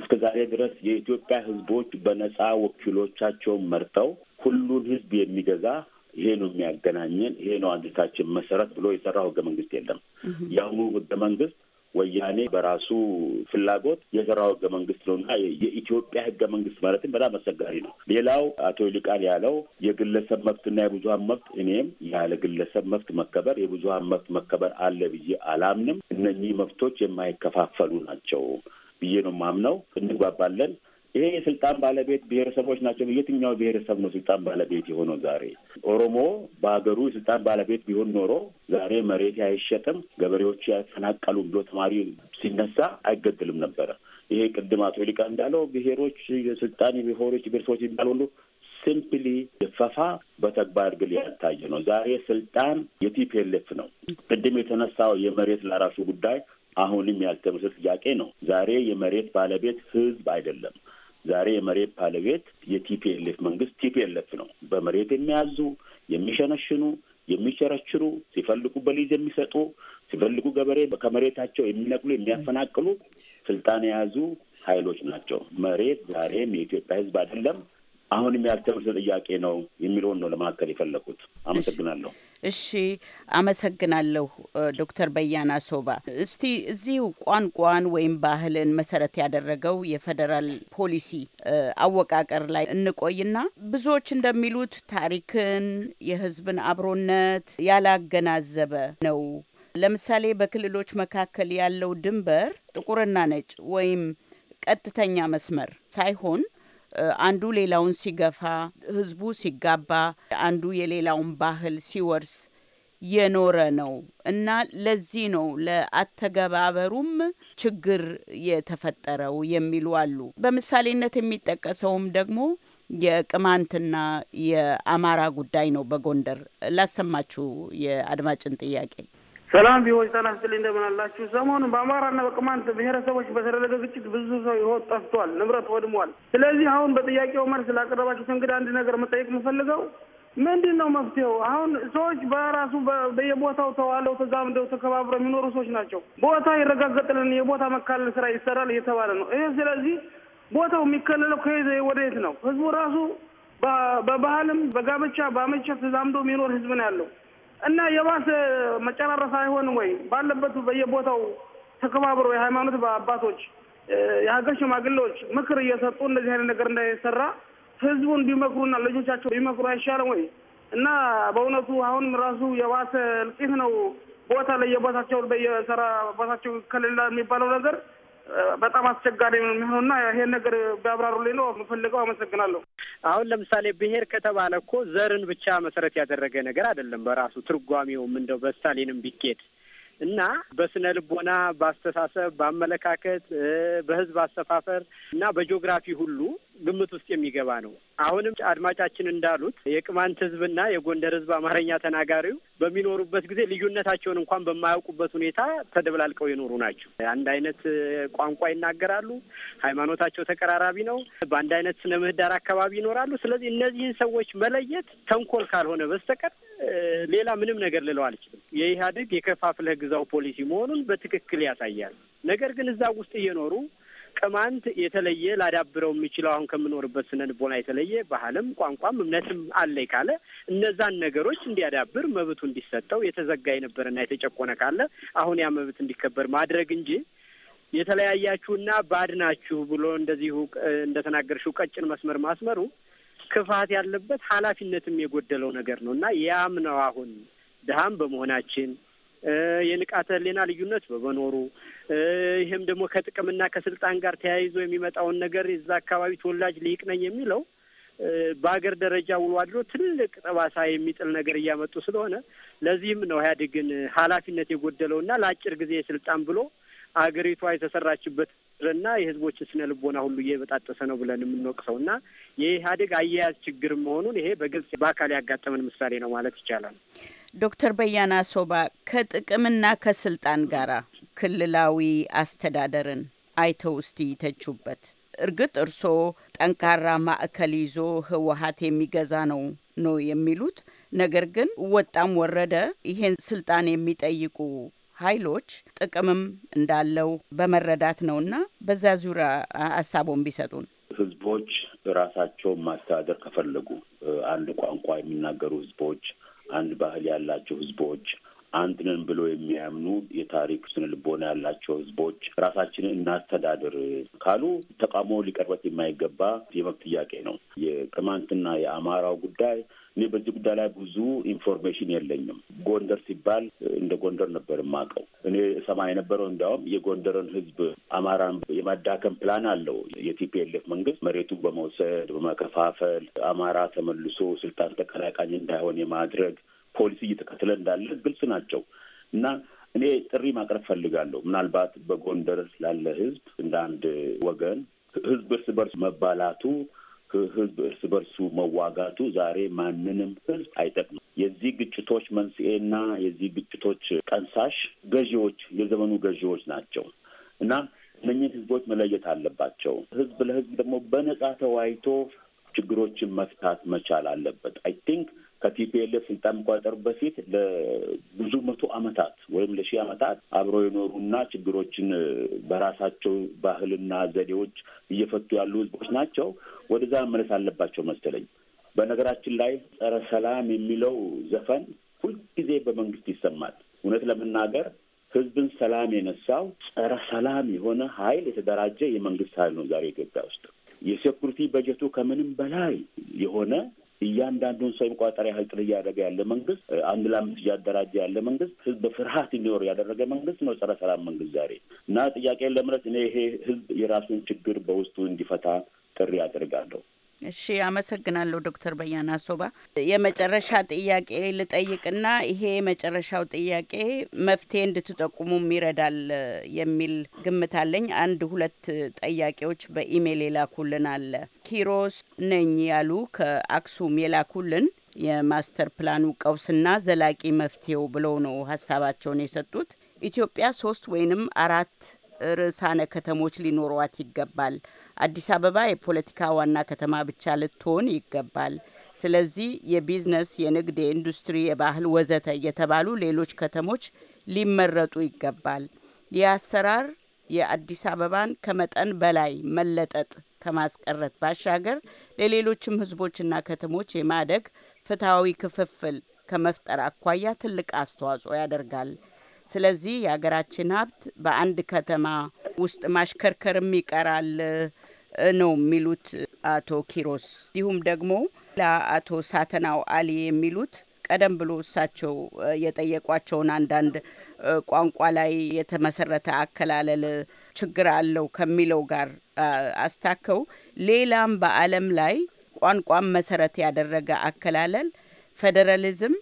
እስከ ዛሬ ድረስ የኢትዮጵያ ህዝቦች በነጻ ወኪሎቻቸውን መርጠው ሁሉን ህዝብ የሚገዛ ይሄ ነው የሚያገናኘን፣ ይሄ ነው አንድነታችን መሰረት ብሎ የሰራው ህገ መንግስት የለም። የአሁኑ ህገ መንግስት ወያኔ በራሱ ፍላጎት የሰራው ህገ መንግስት ነው እና የኢትዮጵያ ህገ መንግስት ማለትም በጣም አስቸጋሪ ነው። ሌላው አቶ ይልቃል ያለው የግለሰብ መብትና የብዙሀን መብት፣ እኔም ያለ ግለሰብ መብት መከበር የብዙሀን መብት መከበር አለ ብዬ አላምንም። እነኚህ መብቶች የማይከፋፈሉ ናቸው ብዬ ነው ማምነው። እንግባባለን። ይሄ የስልጣን ባለቤት ብሔረሰቦች ናቸው። የትኛው ብሔረሰብ ነው ስልጣን ባለቤት የሆነው? ዛሬ ኦሮሞ በሀገሩ የስልጣን ባለቤት ቢሆን ኖሮ ዛሬ መሬት አይሸጥም፣ ገበሬዎች ያፈናቀሉ ብሎ ተማሪ ሲነሳ አይገድልም ነበረ። ይሄ ቅድም አቶ ሊቃ እንዳለው ብሔሮች የስልጣን ብሔሮች ብሔረሰቦች የሚባል ሁሉ ሲምፕሊ ፈፋ በተግባር ግን ያልታየ ነው። ዛሬ ስልጣን የቲፒኤልኤፍ ነው። ቅድም የተነሳው የመሬት ለራሱ ጉዳይ አሁንም ያልተመሰ ጥያቄ ነው። ዛሬ የመሬት ባለቤት ህዝብ አይደለም። ዛሬ የመሬት ባለቤት የቲፒኤልኤፍ መንግስት ቲፒኤልኤፍ ነው። በመሬት የሚያዙ የሚሸነሽኑ፣ የሚቸረችሩ፣ ሲፈልጉ በሊዝ የሚሰጡ፣ ሲፈልጉ ገበሬ ከመሬታቸው የሚነቅሉ፣ የሚያፈናቅሉ ስልጣን የያዙ ኃይሎች ናቸው። መሬት ዛሬም የኢትዮጵያ ህዝብ አይደለም። አሁንም ያልተመለሰ ጥያቄ ነው የሚለውን ነው ለማካከል የፈለኩት። አመሰግናለሁ። እሺ አመሰግናለሁ ዶክተር በያና ሶባ። እስቲ እዚሁ ቋንቋን ወይም ባህልን መሰረት ያደረገው የፌዴራል ፖሊሲ አወቃቀር ላይ እንቆይና ብዙዎች እንደሚሉት ታሪክን፣ የህዝብን አብሮነት ያላገናዘበ ነው። ለምሳሌ በክልሎች መካከል ያለው ድንበር ጥቁርና ነጭ ወይም ቀጥተኛ መስመር ሳይሆን አንዱ ሌላውን ሲገፋ፣ ህዝቡ ሲጋባ፣ አንዱ የሌላውን ባህል ሲወርስ የኖረ ነው እና ለዚህ ነው ለአተገባበሩም ችግር የተፈጠረው የሚሉ አሉ። በምሳሌነት የሚጠቀሰውም ደግሞ የቅማንትና የአማራ ጉዳይ ነው። በጎንደር ላሰማችሁ የአድማጭን ጥያቄ ሰላም ቢሆን ሰላም ስልኝ እንደምን አላችሁ? ሰሞኑን በአማራና በቅማንት ብሔረሰቦች በተደረገ ግጭት ብዙ ሰው ሕይወት ጠፍቷል፣ ንብረት ወድሟል። ስለዚህ አሁን በጥያቄው መልስ ላቀረባችሁት እንግዲህ አንድ ነገር መጠየቅ የምፈልገው ምንድን ነው መፍትሄው? አሁን ሰዎች በራሱ በየቦታው ተዋለው ተዛምደው ተከባብረው የሚኖሩ ሰዎች ናቸው። ቦታ ይረጋገጥልን የቦታ መካለል ስራ ይሰራል እየተባለ ነው ይሄ። ስለዚህ ቦታው የሚከለለው ከየት ወደ የት ነው? ህዝቡ ራሱ በባህልም በጋብቻ በአመቻ ተዛምዶ የሚኖር ህዝብ ነው ያለው እና የባሰ መጨራረስ አይሆንም ወይ? ባለበት በየቦታው ተከባብሮ የሃይማኖት አባቶች፣ የሀገር ሽማግሌዎች ምክር እየሰጡ እንደዚህ አይነት ነገር እንዳይሰራ ህዝቡን ቢመክሩና ልጆቻቸው ቢመክሩ አይሻልም ወይ? እና በእውነቱ አሁንም ራሱ የባሰ እልቂት ነው። ቦታ ላይ በየሰራ ቦታቸው ከሌላ የሚባለው ነገር በጣም አስቸጋሪ ነው የሚሆኑና ይሄን ነገር ቢያብራሩልኝ ነው የምፈልገው። አመሰግናለሁ። አሁን ለምሳሌ ብሔር ከተባለ እኮ ዘርን ብቻ መሰረት ያደረገ ነገር አይደለም። በራሱ ትርጓሜውም እንደው በስታሊንም ቢኬድ እና በስነ ልቦና፣ በአስተሳሰብ፣ በአመለካከት፣ በህዝብ አሰፋፈር እና በጂኦግራፊ ሁሉ ግምት ውስጥ የሚገባ ነው። አሁንም አድማጫችን እንዳሉት የቅማንት ህዝብና የጎንደር ህዝብ አማርኛ ተናጋሪው በሚኖሩበት ጊዜ ልዩነታቸውን እንኳን በማያውቁበት ሁኔታ ተደብላልቀው የኖሩ ናቸው። አንድ አይነት ቋንቋ ይናገራሉ። ሃይማኖታቸው ተቀራራቢ ነው። በአንድ አይነት ስነ ምህዳር አካባቢ ይኖራሉ። ስለዚህ እነዚህን ሰዎች መለየት ተንኮል ካልሆነ በስተቀር ሌላ ምንም ነገር ልለው አልችልም። የኢህአዴግ የከፋፍለህ ግዛው ፖሊሲ መሆኑን በትክክል ያሳያል። ነገር ግን እዛ ውስጥ እየኖሩ ቅማንት የተለየ ላዳብረው የሚችለው አሁን ከምኖርበት ስነ ልቦና የተለየ ባህልም፣ ቋንቋም እምነትም አለኝ ካለ እነዛን ነገሮች እንዲያዳብር መብቱ እንዲሰጠው የተዘጋ የነበረና የተጨቆነ ካለ አሁን ያ መብት እንዲከበር ማድረግ እንጂ የተለያያችሁና ባድናችሁ ብሎ እንደዚሁ እንደተናገርሽው ቀጭን መስመር ማስመሩ ክፋት ያለበት ኃላፊነትም የጎደለው ነገር ነው እና ያም ነው አሁን ድሃም በመሆናችን የንቃተ ሌና ልዩነት በመኖሩ ይህም ደግሞ ከጥቅምና ከስልጣን ጋር ተያይዞ የሚመጣውን ነገር የዛ አካባቢ ተወላጅ ሊቅ ነኝ የሚለው በሀገር ደረጃ ውሎ አድሮ ትልቅ ጠባሳ የሚጥል ነገር እያመጡ ስለሆነ ለዚህም ነው ኢህአዴግን ኃላፊነት የጎደለውና ለአጭር ጊዜ ስልጣን ብሎ አገሪቷ የተሰራችበት እና የህዝቦችን ስነ ልቦና ሁሉ እየበጣጠሰ ነው ብለን የምንወቅሰው እና የኢህአዴግ አያያዝ ችግር መሆኑን ይሄ በግልጽ በአካል ያጋጠመን ምሳሌ ነው ማለት ይቻላል። ዶክተር በያና ሶባ ከጥቅምና ከስልጣን ጋራ ክልላዊ አስተዳደርን አይተው እስቲ ይተቹበት። እርግጥ እርስዎ ጠንካራ ማዕከል ይዞ ህወሀት የሚገዛ ነው ነው የሚሉት ነገር ግን ወጣም ወረደ ይሄን ስልጣን የሚጠይቁ ኃይሎች ጥቅምም እንዳለው በመረዳት ነውና በዛ ዙሪያ ሀሳቡን ቢሰጡን። ህዝቦች ራሳቸውን ማስተዳደር ከፈለጉ አንድ ቋንቋ የሚናገሩ ህዝቦች፣ አንድ ባህል ያላቸው ህዝቦች አንድ ነን ብሎ የሚያምኑ የታሪክ ስነ ልቦና ያላቸው ህዝቦች ራሳችንን እናስተዳድር ካሉ ተቃውሞ ሊቀርበት የማይገባ የመብት ጥያቄ ነው። የቅማንትና የአማራው ጉዳይ እኔ በዚህ ጉዳይ ላይ ብዙ ኢንፎርሜሽን የለኝም። ጎንደር ሲባል እንደ ጎንደር ነበር የማውቀው። እኔ ሰማ የነበረው እንዲያውም የጎንደርን ህዝብ አማራን የማዳከም ፕላን አለው የቲፒኤልኤፍ መንግስት መሬቱን በመውሰድ በመከፋፈል አማራ ተመልሶ ስልጣን ተቀላቃኝ እንዳይሆን የማድረግ ፖሊሲ እየተከተለ እንዳለ ግልጽ ናቸው እና እኔ ጥሪ ማቅረብ ፈልጋለሁ። ምናልባት በጎንደር ላለ ህዝብ እንደ አንድ ወገን ህዝብ እርስ በርሱ መባላቱ፣ ህዝብ እርስ በርሱ መዋጋቱ ዛሬ ማንንም ህዝብ አይጠቅምም። የዚህ ግጭቶች መንስኤና የዚህ ግጭቶች ቀንሳሽ ገዢዎች የዘመኑ ገዢዎች ናቸው እና እነኝህን ህዝቦች መለየት አለባቸው። ህዝብ ለህዝብ ደግሞ በነጻ ተወያይቶ ችግሮችን መፍታት መቻል አለበት አይ ቲንክ ከቲፒኤልኤፍ ስልጣን መቆጣጠሩ በፊት ለብዙ መቶ ዓመታት ወይም ለሺህ ዓመታት አብረው የኖሩና ችግሮችን በራሳቸው ባህልና ዘዴዎች እየፈቱ ያሉ ህዝቦች ናቸው። ወደዛ መመለስ አለባቸው መሰለኝ። በነገራችን ላይ ጸረ ሰላም የሚለው ዘፈን ሁልጊዜ በመንግስት ይሰማል። እውነት ለመናገር ህዝብን ሰላም የነሳው ጸረ ሰላም የሆነ ኃይል የተደራጀ የመንግስት ኃይል ነው ዛሬ ኢትዮጵያ ውስጥ የሴኩሪቲ በጀቱ ከምንም በላይ የሆነ እያንዳንዱን ሰው የመቆጣጠር ያህል ጥር እያደረገ ያለ መንግስት፣ አንድ ለአምስት እያደራጀ ያለ መንግስት፣ ህዝብ በፍርሀት እንዲኖር ያደረገ መንግስት ነው ጸረ ሰላም መንግስት ዛሬ እና ጥያቄን ለምረት እኔ ይሄ ህዝብ የራሱን ችግር በውስጡ እንዲፈታ ጥሪ አደርጋለሁ። እሺ አመሰግናለሁ ዶክተር በያና ሶባ። የመጨረሻ ጥያቄ ልጠይቅና ይሄ የመጨረሻው ጥያቄ መፍትሄ እንድትጠቁሙም ይረዳል የሚል ግምት አለኝ። አንድ ሁለት ጠያቄዎች በኢሜይል የላኩልን አለ። ኪሮስ ነኝ ያሉ ከአክሱም የላኩልን የማስተር ፕላኑ ቀውስና ዘላቂ መፍትሄው ብለው ነው ሀሳባቸውን የሰጡት። ኢትዮጵያ ሶስት ወይንም አራት ርዕሳነ ከተሞች ሊኖሯት ይገባል። አዲስ አበባ የፖለቲካ ዋና ከተማ ብቻ ልትሆን ይገባል። ስለዚህ የቢዝነስ፣ የንግድ፣ የኢንዱስትሪ፣ የባህል ወዘተ የተባሉ ሌሎች ከተሞች ሊመረጡ ይገባል። ይህ አሰራር የአዲስ አበባን ከመጠን በላይ መለጠጥ ከማስቀረት ባሻገር ለሌሎችም ህዝቦችና ከተሞች የማደግ ፍትሐዊ ክፍፍል ከመፍጠር አኳያ ትልቅ አስተዋጽኦ ያደርጋል። ስለዚህ የሀገራችን ሀብት በአንድ ከተማ ውስጥ ማሽከርከርም ይቀራል ነው የሚሉት አቶ ኪሮስ። እንዲሁም ደግሞ ለአቶ ሳተናው አሊ የሚሉት ቀደም ብሎ እሳቸው የጠየቋቸውን አንዳንድ ቋንቋ ላይ የተመሰረተ አከላለል ችግር አለው ከሚለው ጋር አስታከው ሌላም በዓለም ላይ ቋንቋን መሰረት ያደረገ አከላለል ፌዴራሊዝም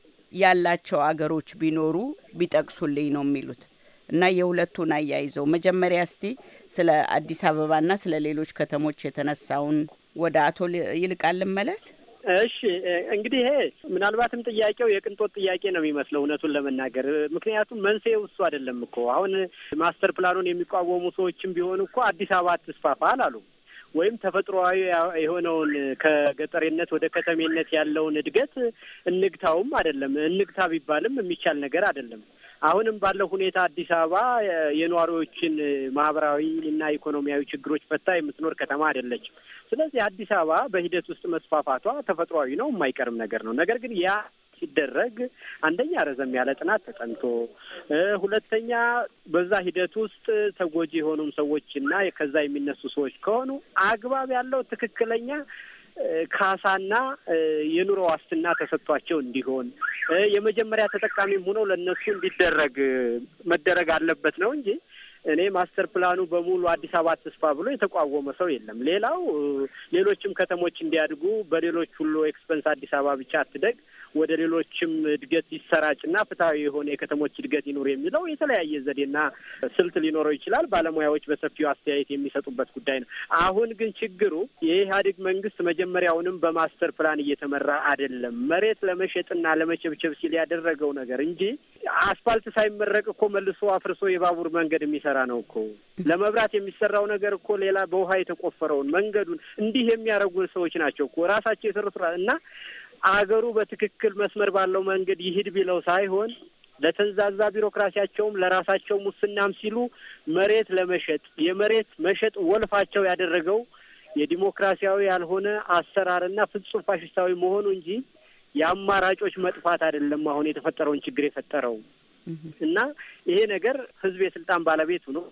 ያላቸው አገሮች ቢኖሩ ቢጠቅሱልኝ ነው የሚሉት እና የሁለቱን አያይዘው መጀመሪያ እስቲ ስለ አዲስ አበባና ስለ ሌሎች ከተሞች የተነሳውን ወደ አቶ ይልቃል ልመለስ። እሺ እንግዲህ ይሄ ምናልባትም ጥያቄው የቅንጦት ጥያቄ ነው የሚመስለው እውነቱን ለመናገር ምክንያቱም መንስኤው እሱ አይደለም እኮ አሁን ማስተር ፕላኑን የሚቋወሙ ሰዎችም ቢሆኑ እኮ አዲስ አበባ አትስፋፋ አሉ ወይም ተፈጥሯዊ የሆነውን ከገጠሬነት ወደ ከተሜነት ያለውን እድገት እንግታውም አይደለም። እንግታ ቢባልም የሚቻል ነገር አይደለም። አሁንም ባለው ሁኔታ አዲስ አበባ የነዋሪዎችን ማህበራዊ እና ኢኮኖሚያዊ ችግሮች ፈታ የምትኖር ከተማ አይደለችም። ስለዚህ አዲስ አበባ በሂደት ውስጥ መስፋፋቷ ተፈጥሯዊ ነው፣ የማይቀርም ነገር ነው። ነገር ግን ያ ሲደረግ አንደኛ ረዘም ያለ ጥናት ተጠንቶ፣ ሁለተኛ በዛ ሂደት ውስጥ ተጎጂ የሆኑም ሰዎች እና ከዛ የሚነሱ ሰዎች ከሆኑ አግባብ ያለው ትክክለኛ ካሳና የኑሮ ዋስትና ተሰጥቷቸው እንዲሆን የመጀመሪያ ተጠቃሚም ሆነው ለእነሱ እንዲደረግ መደረግ አለበት ነው እንጂ እኔ ማስተር ፕላኑ በሙሉ አዲስ አበባ ተስፋ ብሎ የተቋወመ ሰው የለም። ሌላው ሌሎችም ከተሞች እንዲያድጉ በሌሎች ሁሉ ኤክስፐንስ አዲስ አበባ ብቻ አትደግ ወደ ሌሎችም እድገት ይሰራጭና ፍትሐዊ የሆነ የከተሞች እድገት ይኑር የሚለው የተለያየ ዘዴና ስልት ሊኖረው ይችላል። ባለሙያዎች በሰፊው አስተያየት የሚሰጡበት ጉዳይ ነው። አሁን ግን ችግሩ የኢህአዴግ መንግስት መጀመሪያውንም በማስተር ፕላን እየተመራ አይደለም። መሬት ለመሸጥና ለመቸብቸብ ሲል ያደረገው ነገር እንጂ አስፋልት ሳይመረቅ እኮ መልሶ አፍርሶ የባቡር መንገድ የሚሰራ ነው እኮ ለመብራት የሚሰራው ነገር እኮ ሌላ በውሃ የተቆፈረውን መንገዱን እንዲህ የሚያደርጉን ሰዎች ናቸው እኮ ራሳቸው የሰሩት እና አገሩ በትክክል መስመር ባለው መንገድ ይሂድ ቢለው ሳይሆን ለተንዛዛ ቢሮክራሲያቸውም ለራሳቸው ሙስናም ሲሉ መሬት ለመሸጥ የመሬት መሸጥ ወልፋቸው ያደረገው የዲሞክራሲያዊ ያልሆነ አሰራርና ፍጹም ፋሽስታዊ መሆኑ እንጂ የአማራጮች መጥፋት አይደለም። አሁን የተፈጠረውን ችግር የፈጠረው እና ይሄ ነገር ህዝብ የስልጣን ባለቤቱ ነው።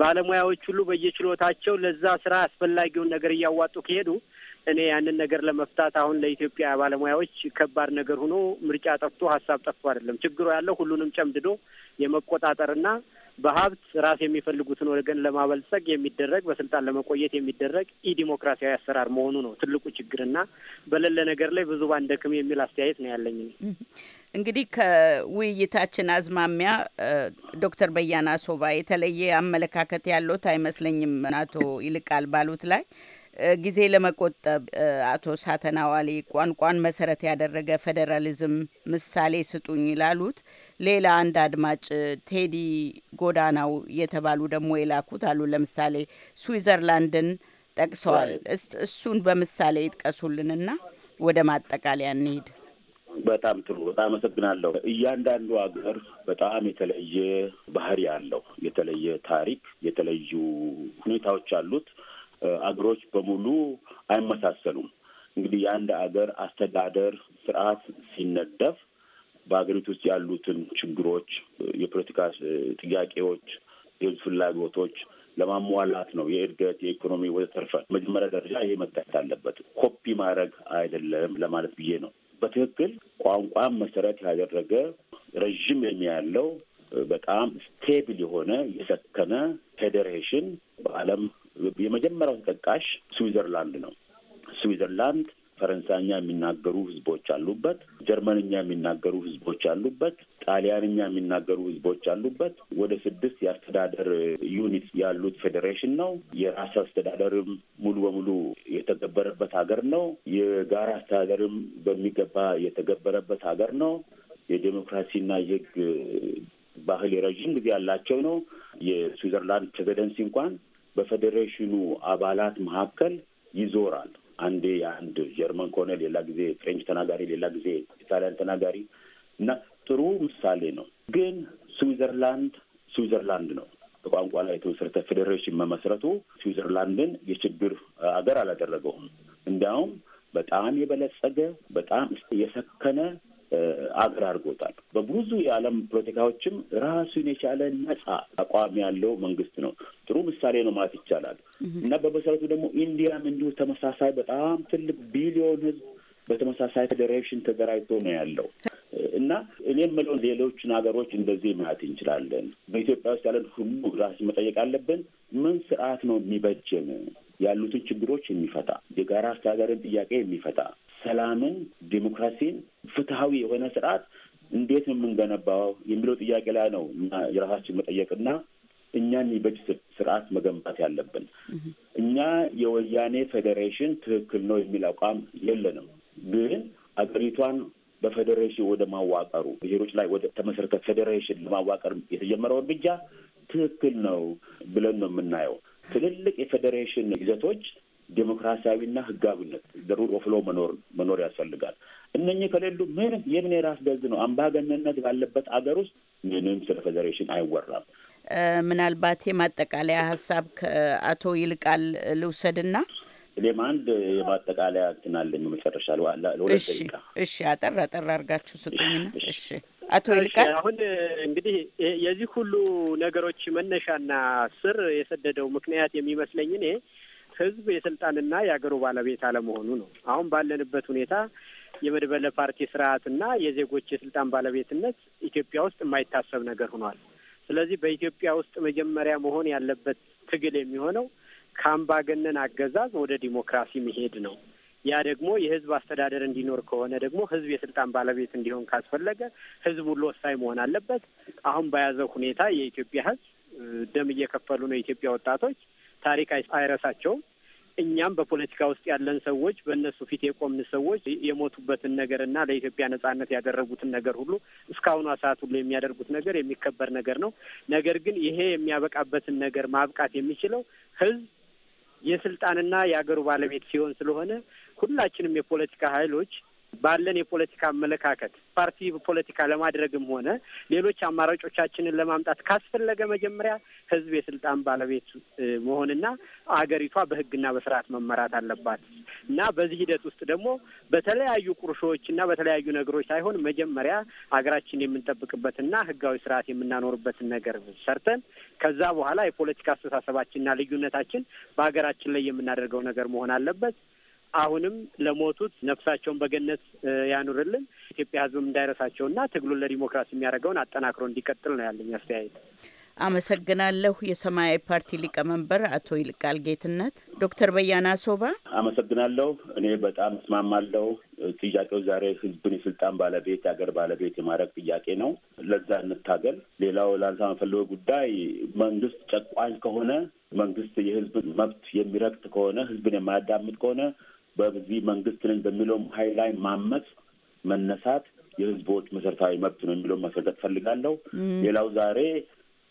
ባለሙያዎች ሁሉ በየችሎታቸው ለዛ ስራ አስፈላጊውን ነገር እያዋጡ ከሄዱ እኔ ያንን ነገር ለመፍታት አሁን ለኢትዮጵያ ባለሙያዎች ከባድ ነገር ሆኖ ምርጫ ጠፍቶ ሀሳብ ጠፍቶ አይደለም። ችግሩ ያለው ሁሉንም ጨምድዶ የመቆጣጠርና በሀብት ራስ የሚፈልጉትን ወገን ለማበልጸግ የሚደረግ በስልጣን ለመቆየት የሚደረግ ኢዲሞክራሲያዊ አሰራር መሆኑ ነው ትልቁ ችግርና በሌለ ነገር ላይ ብዙ ባንደክም የሚል አስተያየት ነው ያለኝ። እንግዲህ ከውይይታችን አዝማሚያ ዶክተር በያና ሶባ የተለየ አመለካከት ያለት አይመስለኝም አቶ ይልቃል ባሉት ላይ ጊዜ ለመቆጠብ አቶ ሳተናዋሊ ቋንቋን መሰረት ያደረገ ፌዴራሊዝም ምሳሌ ስጡኝ ይላሉት። ሌላ አንድ አድማጭ ቴዲ ጎዳናው የተባሉ ደግሞ የላኩት አሉ። ለምሳሌ ስዊዘርላንድን ጠቅሰዋል። እሱን በምሳሌ ይጥቀሱልንና ወደ ማጠቃለያ እንሂድ። በጣም ጥሩ። በጣም አመሰግናለሁ። እያንዳንዱ ሀገር በጣም የተለየ ባህሪ አለው፣ የተለየ ታሪክ፣ የተለዩ ሁኔታዎች አሉት። አገሮች በሙሉ አይመሳሰሉም። እንግዲህ የአንድ አገር አስተዳደር ስርዓት ሲነደፍ በሀገሪቱ ውስጥ ያሉትን ችግሮች፣ የፖለቲካ ጥያቄዎች፣ የህዝብ ፍላጎቶች ለማሟላት ነው። የእድገት የኢኮኖሚ ወዘተርፈ መጀመሪያ ደረጃ ይሄ መታየት አለበት። ኮፒ ማድረግ አይደለም ለማለት ብዬ ነው። በትክክል ቋንቋን መሰረት ያደረገ ረዥም የሚያለው በጣም ስቴብል የሆነ የሰከነ ፌዴሬሽን በዓለም የመጀመሪያው ተጠቃሽ ስዊዘርላንድ ነው። ስዊዘርላንድ ፈረንሳይኛ የሚናገሩ ህዝቦች አሉበት። ጀርመንኛ የሚናገሩ ህዝቦች አሉበት። ጣሊያንኛ የሚናገሩ ህዝቦች አሉበት። ወደ ስድስት የአስተዳደር ዩኒት ያሉት ፌዴሬሽን ነው። የራስ አስተዳደርም ሙሉ በሙሉ የተገበረበት ሀገር ነው። የጋራ አስተዳደርም በሚገባ የተገበረበት ሀገር ነው። የዴሞክራሲና የህግ ባህል የረዥም ጊዜ ያላቸው ነው። የስዊዘርላንድ ፕሬዚደንሲ እንኳን በፌዴሬሽኑ አባላት መካከል ይዞራል። አንዴ የአንድ ጀርመን ከሆነ ሌላ ጊዜ ፍሬንች ተናጋሪ፣ ሌላ ጊዜ ኢታሊያን ተናጋሪ እና ጥሩ ምሳሌ ነው። ግን ስዊዘርላንድ ስዊዘርላንድ ነው። በቋንቋ ላይ የተመሰረተ ፌዴሬሽን መመስረቱ ስዊዘርላንድን የችግር አገር አላደረገውም። እንዲያውም በጣም የበለጸገ በጣም የሰከነ አገር አድርጎታል። በብዙ የዓለም ፖለቲካዎችም ራሱን የቻለ ነጻ አቋም ያለው መንግስት ነው። ጥሩ ምሳሌ ነው ማለት ይቻላል። እና በመሰረቱ ደግሞ ኢንዲያም እንዲሁ ተመሳሳይ በጣም ትልቅ ቢሊዮን ህዝብ በተመሳሳይ ፌዴሬሽን ተደራጅቶ ነው ያለው እና እኔም ምለው ሌሎችን ሀገሮች እንደዚህ ማለት እንችላለን። በኢትዮጵያ ውስጥ ያለን ሁሉ ራስ መጠየቅ አለብን። ምን ስርዓት ነው የሚበጅን? ያሉትን ችግሮች የሚፈታ የጋራ አስተዳደርን ጥያቄ የሚፈታ ሰላምን፣ ዲሞክራሲን ፍትሀዊ የሆነ ስርዓት እንዴት ነው የምንገነባው የሚለው ጥያቄ ላይ ነው እና የራሳችን መጠየቅና እኛን የሚበጅ ስርዓት መገንባት ያለብን። እኛ የወያኔ ፌዴሬሽን ትክክል ነው የሚል አቋም የለንም። ግን አገሪቷን በፌዴሬሽን ወደ ማዋቀሩ ብሔሮች ላይ ወደ ተመሰረተ ፌዴሬሽን ለማዋቀር የተጀመረው እርምጃ ትክክል ነው ብለን ነው የምናየው። ትልልቅ የፌዴሬሽን ይዘቶች ዴሞክራሲያዊና ህጋዊነት ዘሩር ወፍሎ መኖር መኖር ያስፈልጋል። እነኚህ ከሌሉ ምንም የምን የራስ ገዝ ነው። አምባገነነት ባለበት አገር ውስጥ ምንም ስለ ፌዴሬሽን አይወራም። ምናልባት የማጠቃለያ ሀሳብ ከአቶ ይልቃል ልውሰድና እኔም አንድ የማጠቃለያ ትናለኝ መጨረሻ ለሁለት እሺ አጠር አጠር አድርጋችሁ ስጡኝና። እሺ አቶ ይልቃል አሁን እንግዲህ የዚህ ሁሉ ነገሮች መነሻና ስር የሰደደው ምክንያት የሚመስለኝ እኔ ህዝብ የስልጣንና የአገሩ ባለቤት አለመሆኑ ነው። አሁን ባለንበት ሁኔታ የመድበለ ፓርቲ ስርዓትና የዜጎች የስልጣን ባለቤትነት ኢትዮጵያ ውስጥ የማይታሰብ ነገር ሆኗል። ስለዚህ በኢትዮጵያ ውስጥ መጀመሪያ መሆን ያለበት ትግል የሚሆነው ከአምባገነን አገዛዝ ወደ ዲሞክራሲ መሄድ ነው። ያ ደግሞ የህዝብ አስተዳደር እንዲኖር ከሆነ ደግሞ ህዝብ የስልጣን ባለቤት እንዲሆን ካስፈለገ ህዝቡ ሁሉ ወሳኝ መሆን አለበት። አሁን በያዘው ሁኔታ የኢትዮጵያ ህዝብ ደም እየከፈሉ ነው የኢትዮጵያ ወጣቶች። ታሪክ አይረሳቸውም። እኛም በፖለቲካ ውስጥ ያለን ሰዎች በእነሱ ፊት የቆምን ሰዎች የሞቱበትን ነገር እና ለኢትዮጵያ ነጻነት ያደረጉትን ነገር ሁሉ እስካሁኗ ሰዓት ሁሉ የሚያደርጉት ነገር የሚከበር ነገር ነው። ነገር ግን ይሄ የሚያበቃበትን ነገር ማብቃት የሚችለው ህዝብ የስልጣንና የአገሩ ባለቤት ሲሆን ስለሆነ ሁላችንም የፖለቲካ ኃይሎች ባለን የፖለቲካ አመለካከት ፓርቲ ፖለቲካ ለማድረግም ሆነ ሌሎች አማራጮቻችንን ለማምጣት ካስፈለገ መጀመሪያ ህዝብ የስልጣን ባለቤት መሆንና አገሪቷ በህግና በስርዓት መመራት አለባት እና በዚህ ሂደት ውስጥ ደግሞ በተለያዩ ቁርሾዎች እና በተለያዩ ነገሮች ሳይሆን መጀመሪያ አገራችን የምንጠብቅበትና ህጋዊ ስርዓት የምናኖርበትን ነገር ሰርተን ከዛ በኋላ የፖለቲካ አስተሳሰባችንና ልዩነታችን በሀገራችን ላይ የምናደርገው ነገር መሆን አለበት። አሁንም ለሞቱት ነፍሳቸውን በገነት ያኑርልን። ኢትዮጵያ ሕዝብም እንዳይረሳቸውና ትግሉን ለዲሞክራሲ የሚያደርገውን አጠናክሮ እንዲቀጥል ነው ያለኝ አስተያየት። አመሰግናለሁ። የሰማያዊ ፓርቲ ሊቀመንበር አቶ ይልቃል ጌትነት። ዶክተር በያና ሶባ አመሰግናለሁ። እኔ በጣም እስማማለሁ። ጥያቄው ዛሬ ህዝብን የስልጣን ባለቤት የሀገር ባለቤት የማድረግ ጥያቄ ነው። ለዛ እንታገል። ሌላው ላንሳ መፈለገ ጉዳይ መንግስት ጨቋኝ ከሆነ መንግስት የህዝብን መብት የሚረግጥ ከሆነ ህዝብን የማያዳምጥ ከሆነ በዚህ መንግስት ነኝ በሚለውም ሀይል ላይ ማመፅ መነሳት የህዝቦች መሰረታዊ መብት ነው የሚለውን ማስረዳት ፈልጋለሁ። ሌላው ዛሬ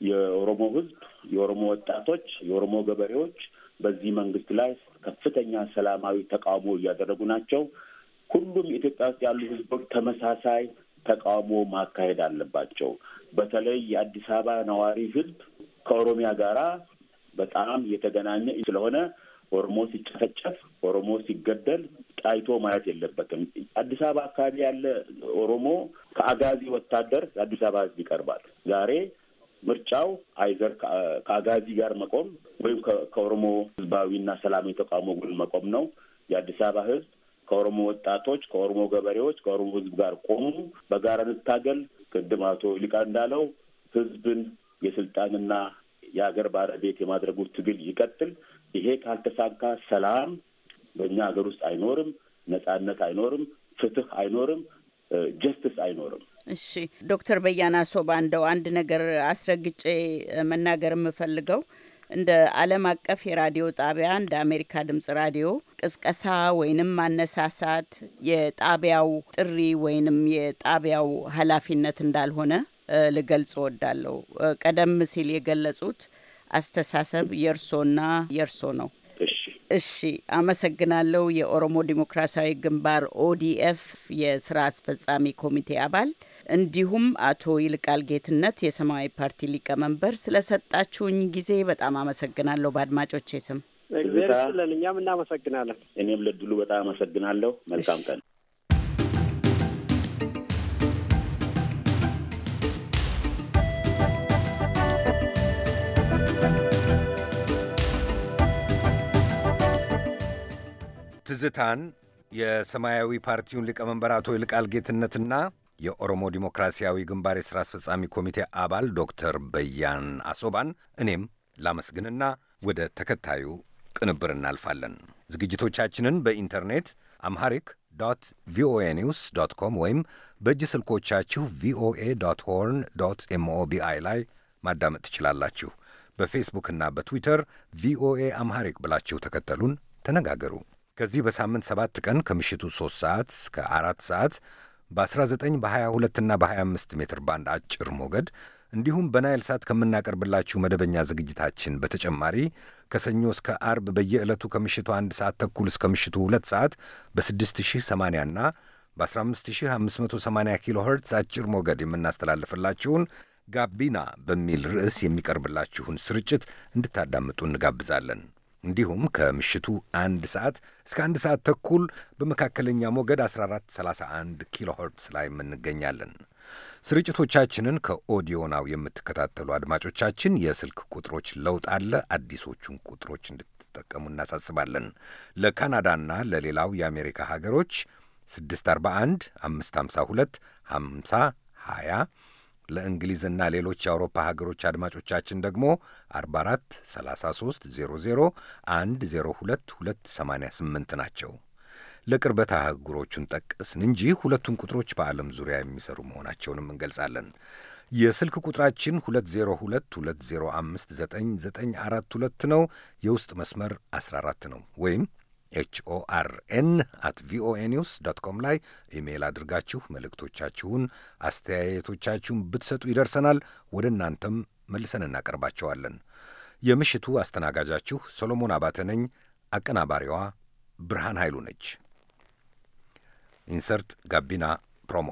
የኦሮሞ ህዝብ፣ የኦሮሞ ወጣቶች፣ የኦሮሞ ገበሬዎች በዚህ መንግስት ላይ ከፍተኛ ሰላማዊ ተቃውሞ እያደረጉ ናቸው። ሁሉም ኢትዮጵያ ውስጥ ያሉ ህዝቦች ተመሳሳይ ተቃውሞ ማካሄድ አለባቸው። በተለይ የአዲስ አበባ ነዋሪ ህዝብ ከኦሮሚያ ጋራ በጣም የተገናኘ ስለሆነ ኦሮሞ ሲጨፈጨፍ፣ ኦሮሞ ሲገደል ጣይቶ ማየት የለበትም። አዲስ አበባ አካባቢ ያለ ኦሮሞ ከአጋዚ ወታደር አዲስ አበባ ህዝብ ይቀርባል። ዛሬ ምርጫው አይዘር ከአጋዚ ጋር መቆም ወይም ከኦሮሞ ህዝባዊና ሰላማዊ ተቃውሞ ጎን መቆም ነው። የአዲስ አበባ ህዝብ ከኦሮሞ ወጣቶች፣ ከኦሮሞ ገበሬዎች፣ ከኦሮሞ ህዝብ ጋር ቆሙ፣ በጋራ እንታገል። ቅድም አቶ ይልቃል እንዳለው ህዝብን የስልጣንና የሀገር ባለቤት የማድረጉ ትግል ይቀጥል። ይሄ ካልተሳካ ሰላም በእኛ ሀገር ውስጥ አይኖርም፣ ነጻነት አይኖርም፣ ፍትህ አይኖርም፣ ጀስትስ አይኖርም። እሺ ዶክተር በያና ሶባ እንደው አንድ ነገር አስረግጬ መናገር የምፈልገው እንደ ዓለም አቀፍ የራዲዮ ጣቢያ እንደ አሜሪካ ድምጽ ራዲዮ ቅስቀሳ ወይንም ማነሳሳት የጣቢያው ጥሪ ወይንም የጣቢያው ኃላፊነት እንዳልሆነ ልገልጽ እወዳለሁ። ቀደም ሲል የገለጹት አስተሳሰብ የእርሶና የእርሶ ነው። እሺ፣ አመሰግናለሁ። የኦሮሞ ዴሞክራሲያዊ ግንባር ኦዲኤፍ የስራ አስፈጻሚ ኮሚቴ አባል እንዲሁም አቶ ይልቃል ጌትነት የሰማያዊ ፓርቲ ሊቀመንበር ስለሰጣችሁኝ ጊዜ በጣም አመሰግናለሁ። በአድማጮቼ ስም እግዚአብሔር ይስጥልን። እኛም እናመሰግናለን። እኔም ለድሉ በጣም አመሰግናለሁ። መልካም ቀን ትዝታን የሰማያዊ ፓርቲውን ሊቀመንበር አቶ ይልቃል ጌትነትና የኦሮሞ ዲሞክራሲያዊ ግንባር የሥራ አስፈጻሚ ኮሚቴ አባል ዶክተር በያን አሶባን እኔም ላመስግንና ወደ ተከታዩ ቅንብር እናልፋለን። ዝግጅቶቻችንን በኢንተርኔት አምሃሪክ ዶት ቪኦኤ ኒውስ ዶት ኮም ወይም በእጅ ስልኮቻችሁ ቪኦኤ ዶት ሆርን ዶት ኤምኦቢአይ ላይ ማዳመጥ ትችላላችሁ። በፌስቡክና በትዊተር ቪኦኤ አምሃሪክ ብላችሁ ተከተሉን፣ ተነጋገሩ። ከዚህ በሳምንት ሰባት ቀን ከምሽቱ 3 ሰዓት እስከ 4 ሰዓት በ19 በ22 ና በ25 ሜትር ባንድ አጭር ሞገድ እንዲሁም በናይል ሳት ከምናቀርብላችሁ መደበኛ ዝግጅታችን በተጨማሪ ከሰኞ እስከ አርብ በየዕለቱ ከምሽቱ 1 ሰዓት ተኩል እስከ ምሽቱ 2 ሰዓት በ6080 እና በ15580 ኪሎ ኸርትዝ አጭር ሞገድ የምናስተላልፍላችሁን ጋቢና በሚል ርዕስ የሚቀርብላችሁን ስርጭት እንድታዳምጡ እንጋብዛለን። እንዲሁም ከምሽቱ አንድ ሰዓት እስከ አንድ ሰዓት ተኩል በመካከለኛ ሞገድ 1431 ኪሎ ኸርትስ ላይ እንገኛለን። ስርጭቶቻችንን ከኦዲዮ ናው የምትከታተሉ አድማጮቻችን የስልክ ቁጥሮች ለውጥ አለ። አዲሶቹን ቁጥሮች እንድትጠቀሙ እናሳስባለን። ለካናዳና ለሌላው የአሜሪካ ሀገሮች 641 552 50 20 ለእንግሊዝና ሌሎች የአውሮፓ ሀገሮች አድማጮቻችን ደግሞ 44 33 00 102 288 ናቸው። ለቅርበት አህጉሮቹን ጠቅስን እንጂ ሁለቱን ቁጥሮች በዓለም ዙሪያ የሚሰሩ መሆናቸውንም እንገልጻለን። የስልክ ቁጥራችን 2022059942 ነው። የውስጥ መስመር 14 ነው ወይም ኤችኦአርኤን አት ቪኦኤ ኒውስ ዶት ኮም ላይ ኢሜይል አድርጋችሁ መልእክቶቻችሁን፣ አስተያየቶቻችሁን ብትሰጡ ይደርሰናል። ወደ እናንተም መልሰን እናቀርባቸዋለን። የምሽቱ አስተናጋጃችሁ ሰሎሞን አባተ ነኝ። አቀናባሪዋ ብርሃን ኃይሉ ነች። ኢንሰርት ጋቢና ፕሮሞ።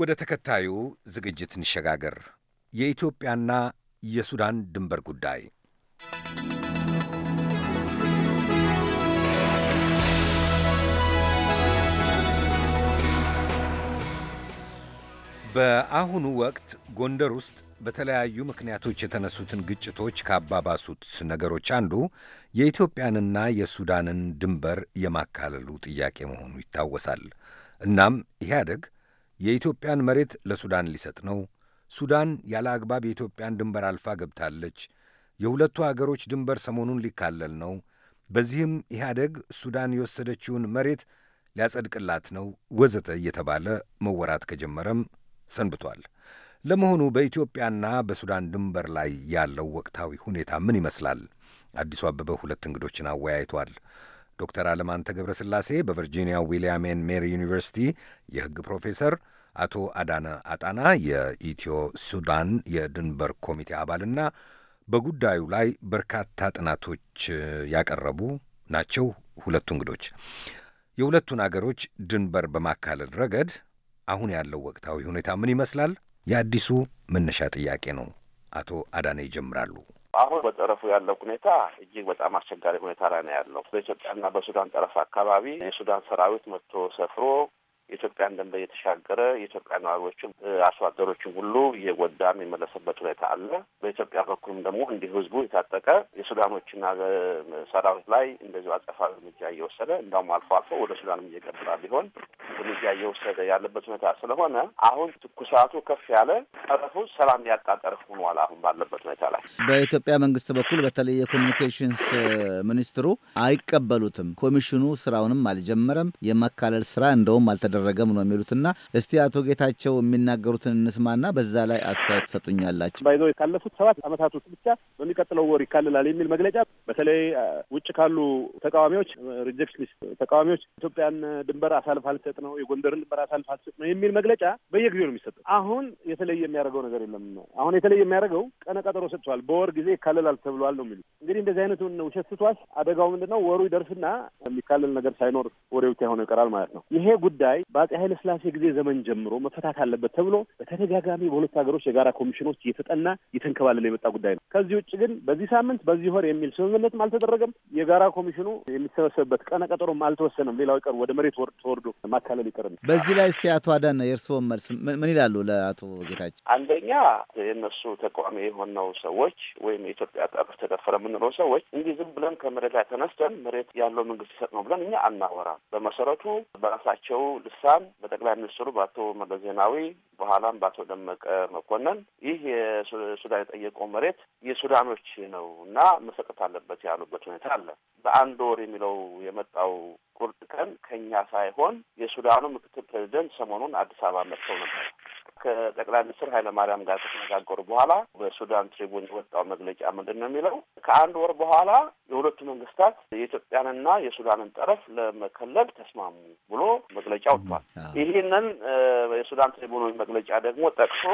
ወደ ተከታዩ ዝግጅት እንሸጋገር። የኢትዮጵያና የሱዳን ድንበር ጉዳይ በአሁኑ ወቅት ጎንደር ውስጥ በተለያዩ ምክንያቶች የተነሱትን ግጭቶች ካባባሱት ነገሮች አንዱ የኢትዮጵያንና የሱዳንን ድንበር የማካለሉ ጥያቄ መሆኑ ይታወሳል። እናም ኢህአደግ የኢትዮጵያን መሬት ለሱዳን ሊሰጥ ነው፣ ሱዳን ያለ አግባብ የኢትዮጵያን ድንበር አልፋ ገብታለች፣ የሁለቱ አገሮች ድንበር ሰሞኑን ሊካለል ነው፣ በዚህም ኢህአደግ ሱዳን የወሰደችውን መሬት ሊያጸድቅላት ነው፣ ወዘተ እየተባለ መወራት ከጀመረም ሰንብቷል። ለመሆኑ በኢትዮጵያና በሱዳን ድንበር ላይ ያለው ወቅታዊ ሁኔታ ምን ይመስላል? አዲሱ አበበ ሁለት እንግዶችን አወያይቷል። ዶክተር አለማንተ ገብረስላሴ በቨርጂኒያ ዊልያም ሜሪ ዩኒቨርሲቲ የሕግ ፕሮፌሰር፣ አቶ አዳነ አጣና የኢትዮ ሱዳን የድንበር ኮሚቴ አባልና በጉዳዩ ላይ በርካታ ጥናቶች ያቀረቡ ናቸው። ሁለቱ እንግዶች የሁለቱን አገሮች ድንበር በማካለል ረገድ አሁን ያለው ወቅታዊ ሁኔታ ምን ይመስላል? የአዲሱ መነሻ ጥያቄ ነው። አቶ አዳነ ይጀምራሉ። አሁን በጠረፉ ያለው ሁኔታ እጅግ በጣም አስቸጋሪ ሁኔታ ላይ ነው ያለው። በኢትዮጵያና በሱዳን ጠረፍ አካባቢ የሱዳን ሰራዊት መጥቶ ሰፍሮ የኢትዮጵያን ደንበ የተሻገረ የኢትዮጵያ ነዋሪዎችን አርሶ አደሮችን ሁሉ እየጎዳ የሚመለስበት ሁኔታ አለ። በኢትዮጵያ በኩልም ደግሞ እንዲህ ህዝቡ የታጠቀ የሱዳኖችና ሰራዊት ላይ እንደዚሁ አጸፋ እርምጃ እየወሰደ እንዳውም አልፎ አልፎ ወደ ሱዳንም እየገባ ቢሆን እርምጃ እየወሰደ ያለበት ሁኔታ ስለሆነ አሁን ትኩሳቱ ከፍ ያለ ጠረፉ ሰላም ያጣ ጠረፍ ሆኗል። አሁን ባለበት ሁኔታ ላይ በኢትዮጵያ መንግስት በኩል በተለይ የኮሚኒኬሽንስ ሚኒስትሩ አይቀበሉትም። ኮሚሽኑ ስራውንም አልጀመረም። የመካለል ስራ እንደውም አልተደ አልተደረገም ነው የሚሉትና እስቲ አቶ ጌታቸው የሚናገሩትን እንስማና በዛ ላይ አስተያየት ትሰጡኛላችሁ። ባይዞ ካለፉት ሰባት ዓመታት ውስጥ ብቻ በሚቀጥለው ወር ይካልላል የሚል መግለጫ በተለይ ውጭ ካሉ ተቃዋሚዎች ሪጀክሽኒስት ተቃዋሚዎች ኢትዮጵያን ድንበር አሳልፍ አልሰጥ ነው የጎንደርን ድንበር አሳልፍ አልሰጥ ነው የሚል መግለጫ በየጊዜው ነው የሚሰጠው። አሁን የተለየ የሚያደርገው ነገር የለም። አሁን የተለየ የሚያደርገው ቀነ ቀጠሮ ሰጥቷል። በወር ጊዜ ይካልላል ተብሏል ነው የሚሉት። እንግዲህ እንደዚህ አይነቱን ውሸት ስቷስ አደጋው ምንድን ነው? ወሩ ይደርስና የሚካልል ነገር ሳይኖር ወሬ ብቻ ሆኖ ይቀራል ማለት ነው። ይሄ ጉዳይ በአጼ ኃይለ ስላሴ ጊዜ ዘመን ጀምሮ መፈታት አለበት ተብሎ በተደጋጋሚ በሁለቱ ሀገሮች የጋራ ኮሚሽኖች እየተጠና እየተንከባለለ የመጣ ጉዳይ ነው። ከዚህ ውጭ ግን በዚህ ሳምንት በዚህ ወር የሚል ስምምነትም አልተደረገም። የጋራ ኮሚሽኑ የሚሰበሰብበት ቀነ ቀጠሮም አልተወሰነም። ሌላው ቀር ወደ መሬት ተወርዶ ማካለል ይቀርና በዚህ ላይ እስቲ አቶ አዳነ የእርስዎ መልስ ምን ይላሉ? ለአቶ ጌታቸው አንደኛ የእነሱ ተቃዋሚ የሆነው ሰዎች ወይም የኢትዮጵያ ጠፍ ተደፈረ የምንለው ሰዎች እንዲህ ዝም ብለን ከመሬት ላይ ተነስተን መሬት ያለው መንግስት ይሰጥ ነው ብለን እኛ አናወራም። በመሰረቱ በራሳቸው የተነሳን በጠቅላይ ሚኒስትሩ በአቶ መለስ ዜናዊ በኋላም በአቶ ደመቀ መኮንን ይህ የሱዳን የጠየቀው መሬት የሱዳኖች ነው እና መሰጠት አለበት ያሉበት ሁኔታ አለ። በአንድ ወር የሚለው የመጣው ቁርጥ ቀን ከኛ ሳይሆን የሱዳኑ ምክትል ፕሬዚደንት ሰሞኑን አዲስ አበባ መጥተው ነበር። ከጠቅላይ ሚኒስትር ኃይለማርያም ጋር ከተነጋገሩ በኋላ በሱዳን ትሪቡን የወጣው መግለጫ ምንድን ነው የሚለው? ከአንድ ወር በኋላ የሁለቱ መንግስታት የኢትዮጵያንና የሱዳንን ጠረፍ ለመከለል ተስማሙ ብሎ መግለጫ ወጥቷል። ይህንን የሱዳን ትሪቡኖች መግለጫ ደግሞ ጠቅሶ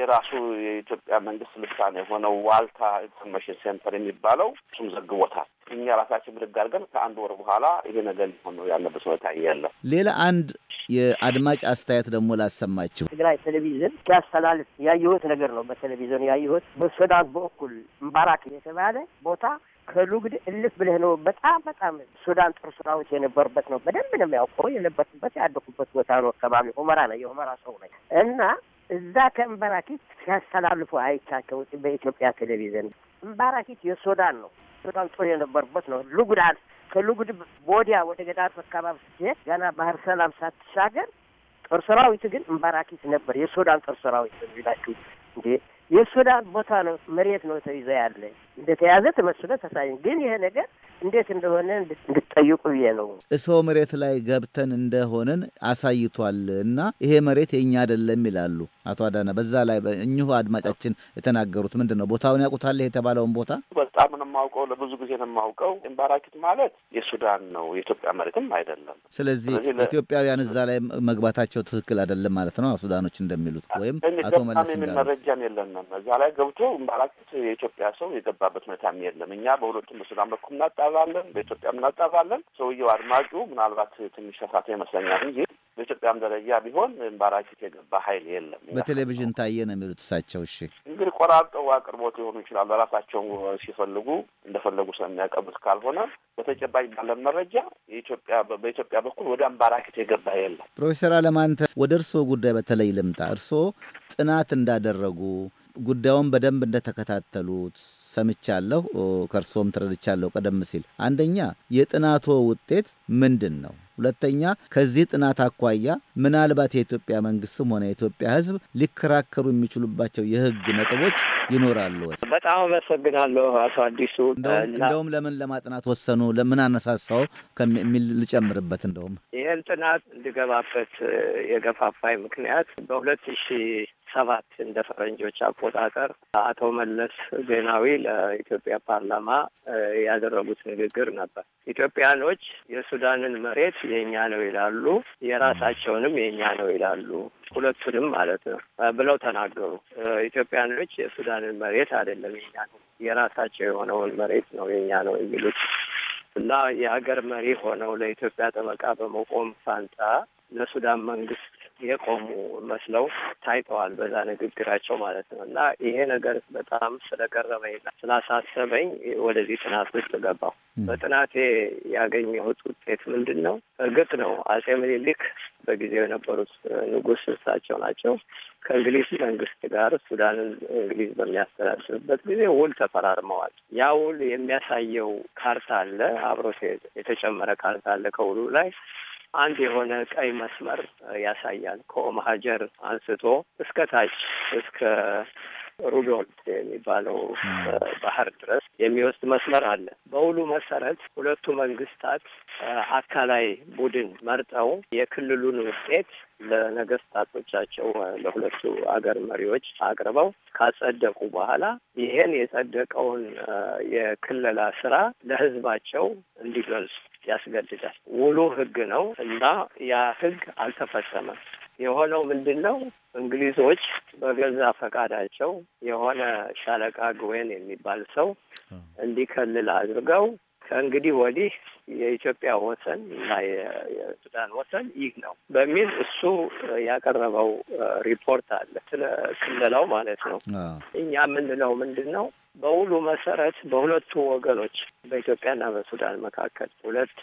የራሱ የኢትዮጵያ መንግስት ልሳን የሆነው ዋልታ ኢንፎርሜሽን ሴንተር የሚባለው እሱም ዘግቦታል። እኛ ራሳችን ብድግ አድርገን ከአንድ ወር በኋላ ይሄ ነገር ሊሆን ነው ያለበት ሁኔታ ያለው። ሌላ አንድ የአድማጭ አስተያየት ደግሞ ላሰማችሁ። ትግራይ ቴሌቪዥን ሲያስተላልፍ ያየሁት ነገር ነው። በቴሌቪዥን ያየሁት በሱዳን በኩል ምባራክ የተባለ ቦታ ከሉግድ እልፍ ብለህ ነው። በጣም በጣም ሱዳን ጦር ሰራዊት የነበሩበት ነው። በደንብ ነው የሚያውቀው። የነበርኩበት ያደኩበት ቦታ ነው። አካባቢ ሁመራ ነው። የሁመራ ሰው ነኝ እና እዛ ከእምባራኪት ሲያስተላልፉ አይቻቸው በኢትዮጵያ ቴሌቪዥን። እምባራኪት የሶዳን ነው። ሶዳን ጦር የነበርበት ነው። ሉጉዳን ከሉጉድ ቦዲያ ወደ ገዳር አካባቢ ስትሄድ ገና ባህር ሰላም ሳትሻገር ጦር ሰራዊት ግን እምባራኪት ነበር። የሶዳን ጦር ሰራዊት ላችሁ እንዴ! የሱዳን ቦታ ነው መሬት ነው ተይዘ ያለ እንደተያዘ ተመስሎ ተሳይ ግን ይሄ ነገር እንዴት እንደሆነ እንድትጠይቁ ብዬ ነው። እሶ መሬት ላይ ገብተን እንደሆነን አሳይቷል እና ይሄ መሬት የእኛ አይደለም ይላሉ አቶ አዳነ። በዛ ላይ እኚሁ አድማጫችን የተናገሩት ምንድን ነው? ቦታውን ያውቁታል የተባለውን ቦታ በጣም ነው የማውቀው። ለብዙ ጊዜ ነው የማውቀው። ኤምባራኪት ማለት የሱዳን ነው፣ የኢትዮጵያ መሬትም አይደለም። ስለዚህ ኢትዮጵያውያን እዛ ላይ መግባታቸው ትክክል አይደለም ማለት ነው ሱዳኖች እንደሚሉት ወይም አቶ መለስ የሚል መረጃም የለንም። እዛ ላይ ገብቶ ኤምባራኪት የኢትዮጵያ ሰው የገባበት ሁኔታም የለም። እኛ በሁለቱም በሱዳን በኩል እናጣ እናቀርባለን፣ በኢትዮጵያም እናቀርባለን። ሰውየው አድማጩ ምናልባት ትንሽ ተሳተ ይመስለኛል እንጂ በኢትዮጵያም ደረጃ ቢሆን ባራኪት የገባ ኃይል የለም። በቴሌቪዥን ታየ ነው የሚሉት እሳቸው። እሺ እንግዲህ ቆራርጠው አቅርቦት ሊሆኑ ይችላሉ። ራሳቸው ሲፈልጉ እንደፈለጉ ስለሚያቀርቡት ካልሆነ በተጨባጭ ባለን መረጃ የኢትዮጵያ በኢትዮጵያ በኩል ወደ አምባራኪት የገባ የለም። ፕሮፌሰር አለማንተ ወደ እርስዎ ጉዳይ በተለይ ልምጣ። እርስዎ ጥናት እንዳደረጉ ጉዳዩን በደንብ እንደተከታተሉት ሰምቻለሁ፣ ከእርሶም ተረድቻለሁ። ቀደም ሲል አንደኛ የጥናቶ ውጤት ምንድን ነው? ሁለተኛ ከዚህ ጥናት አኳያ ምናልባት የኢትዮጵያ መንግስትም ሆነ የኢትዮጵያ ሕዝብ ሊከራከሩ የሚችሉባቸው የህግ ነጥቦች ይኖራሉ ወይ? በጣም አመሰግናለሁ አቶ አዲሱ። እንደውም ለምን ለማጥናት ወሰኑ? ለምን አነሳሳው ከሚል ልጨምርበት። እንደውም ይህን ጥናት እንድገባበት የገፋፋኝ ምክንያት በሁለት ሺህ ሰባት እንደ ፈረንጆች አቆጣጠር አቶ መለስ ዜናዊ ለኢትዮጵያ ፓርላማ ያደረጉት ንግግር ነበር። ኢትዮጵያኖች የሱዳንን መሬት የእኛ ነው ይላሉ፣ የራሳቸውንም የእኛ ነው ይላሉ፣ ሁለቱንም ማለት ነው ብለው ተናገሩ። ኢትዮጵያኖች የሱዳንን መሬት አይደለም የኛ ነው የራሳቸው የሆነውን መሬት ነው የኛ ነው የሚሉት እና የሀገር መሪ ሆነው ለኢትዮጵያ ጠበቃ በመቆም ፋንታ ለሱዳን መንግስት የቆሙ መስለው ታይተዋል በዛ ንግግራቸው ማለት ነው። እና ይሄ ነገር በጣም ስለገረመኝ ስላሳሰበኝ ወደዚህ ጥናት ውስጥ ገባሁ። በጥናቴ ያገኘሁት ውጤት ምንድን ነው? እርግጥ ነው አጼ ምኒልክ በጊዜው የነበሩት ንጉስ እሳቸው ናቸው። ከእንግሊዝ መንግስት ጋር ሱዳንን እንግሊዝ በሚያስተዳድርበት ጊዜ ውል ተፈራርመዋል። ያ ውል የሚያሳየው ካርታ አለ፣ አብሮ የተጨመረ ካርታ አለ ከውሉ ላይ አንድ የሆነ ቀይ መስመር ያሳያል። ከኦም ሀጀር አንስቶ እስከ ታች እስከ ሩዶልፍ የሚባለው ባህር ድረስ የሚወስድ መስመር አለ። በውሉ መሰረት ሁለቱ መንግስታት አካላይ ቡድን መርጠው የክልሉን ውጤት ለነገስታቶቻቸው ለሁለቱ አገር መሪዎች አቅርበው ካጸደቁ በኋላ ይሄን የጸደቀውን የክልላ ስራ ለህዝባቸው እንዲገልጹ ያስገድዳል። ውሉ ህግ ነው እና ያ ህግ አልተፈጸመም። የሆነው ምንድን ነው? እንግሊዞች በገዛ ፈቃዳቸው የሆነ ሻለቃ ግዌን የሚባል ሰው እንዲከልል አድርገው ከእንግዲህ ወዲህ የኢትዮጵያ ወሰን እና የሱዳን ወሰን ይህ ነው በሚል እሱ ያቀረበው ሪፖርት አለ፣ ስለ ክልላው ማለት ነው። እኛ የምንለው ምንድን ነው በውሉ መሰረት በሁለቱ ወገኖች በኢትዮጵያና በሱዳን መካከል ሁለት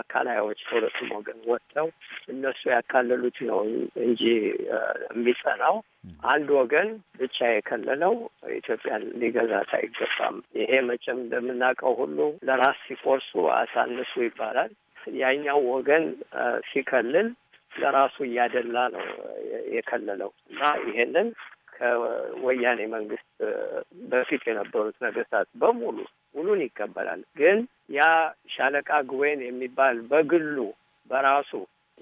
አካላዮች ከሁለቱም ወገን ወጥተው እነሱ ያካለሉት ነው እንጂ የሚጸናው አንድ ወገን ብቻ የከለለው ኢትዮጵያን ሊገዛት አይገባም። ይሄ መቼም እንደምናውቀው ሁሉ ለራስ ሲቆርሱ አሳንሱ ይባላል። ያኛው ወገን ሲከልል ለራሱ እያደላ ነው የከለለው እና ይሄንን ከወያኔ መንግስት በፊት የነበሩት ነገስታት በሙሉ ሙሉን ይቀበላል። ግን ያ ሻለቃ ጉዌን የሚባል በግሉ በራሱ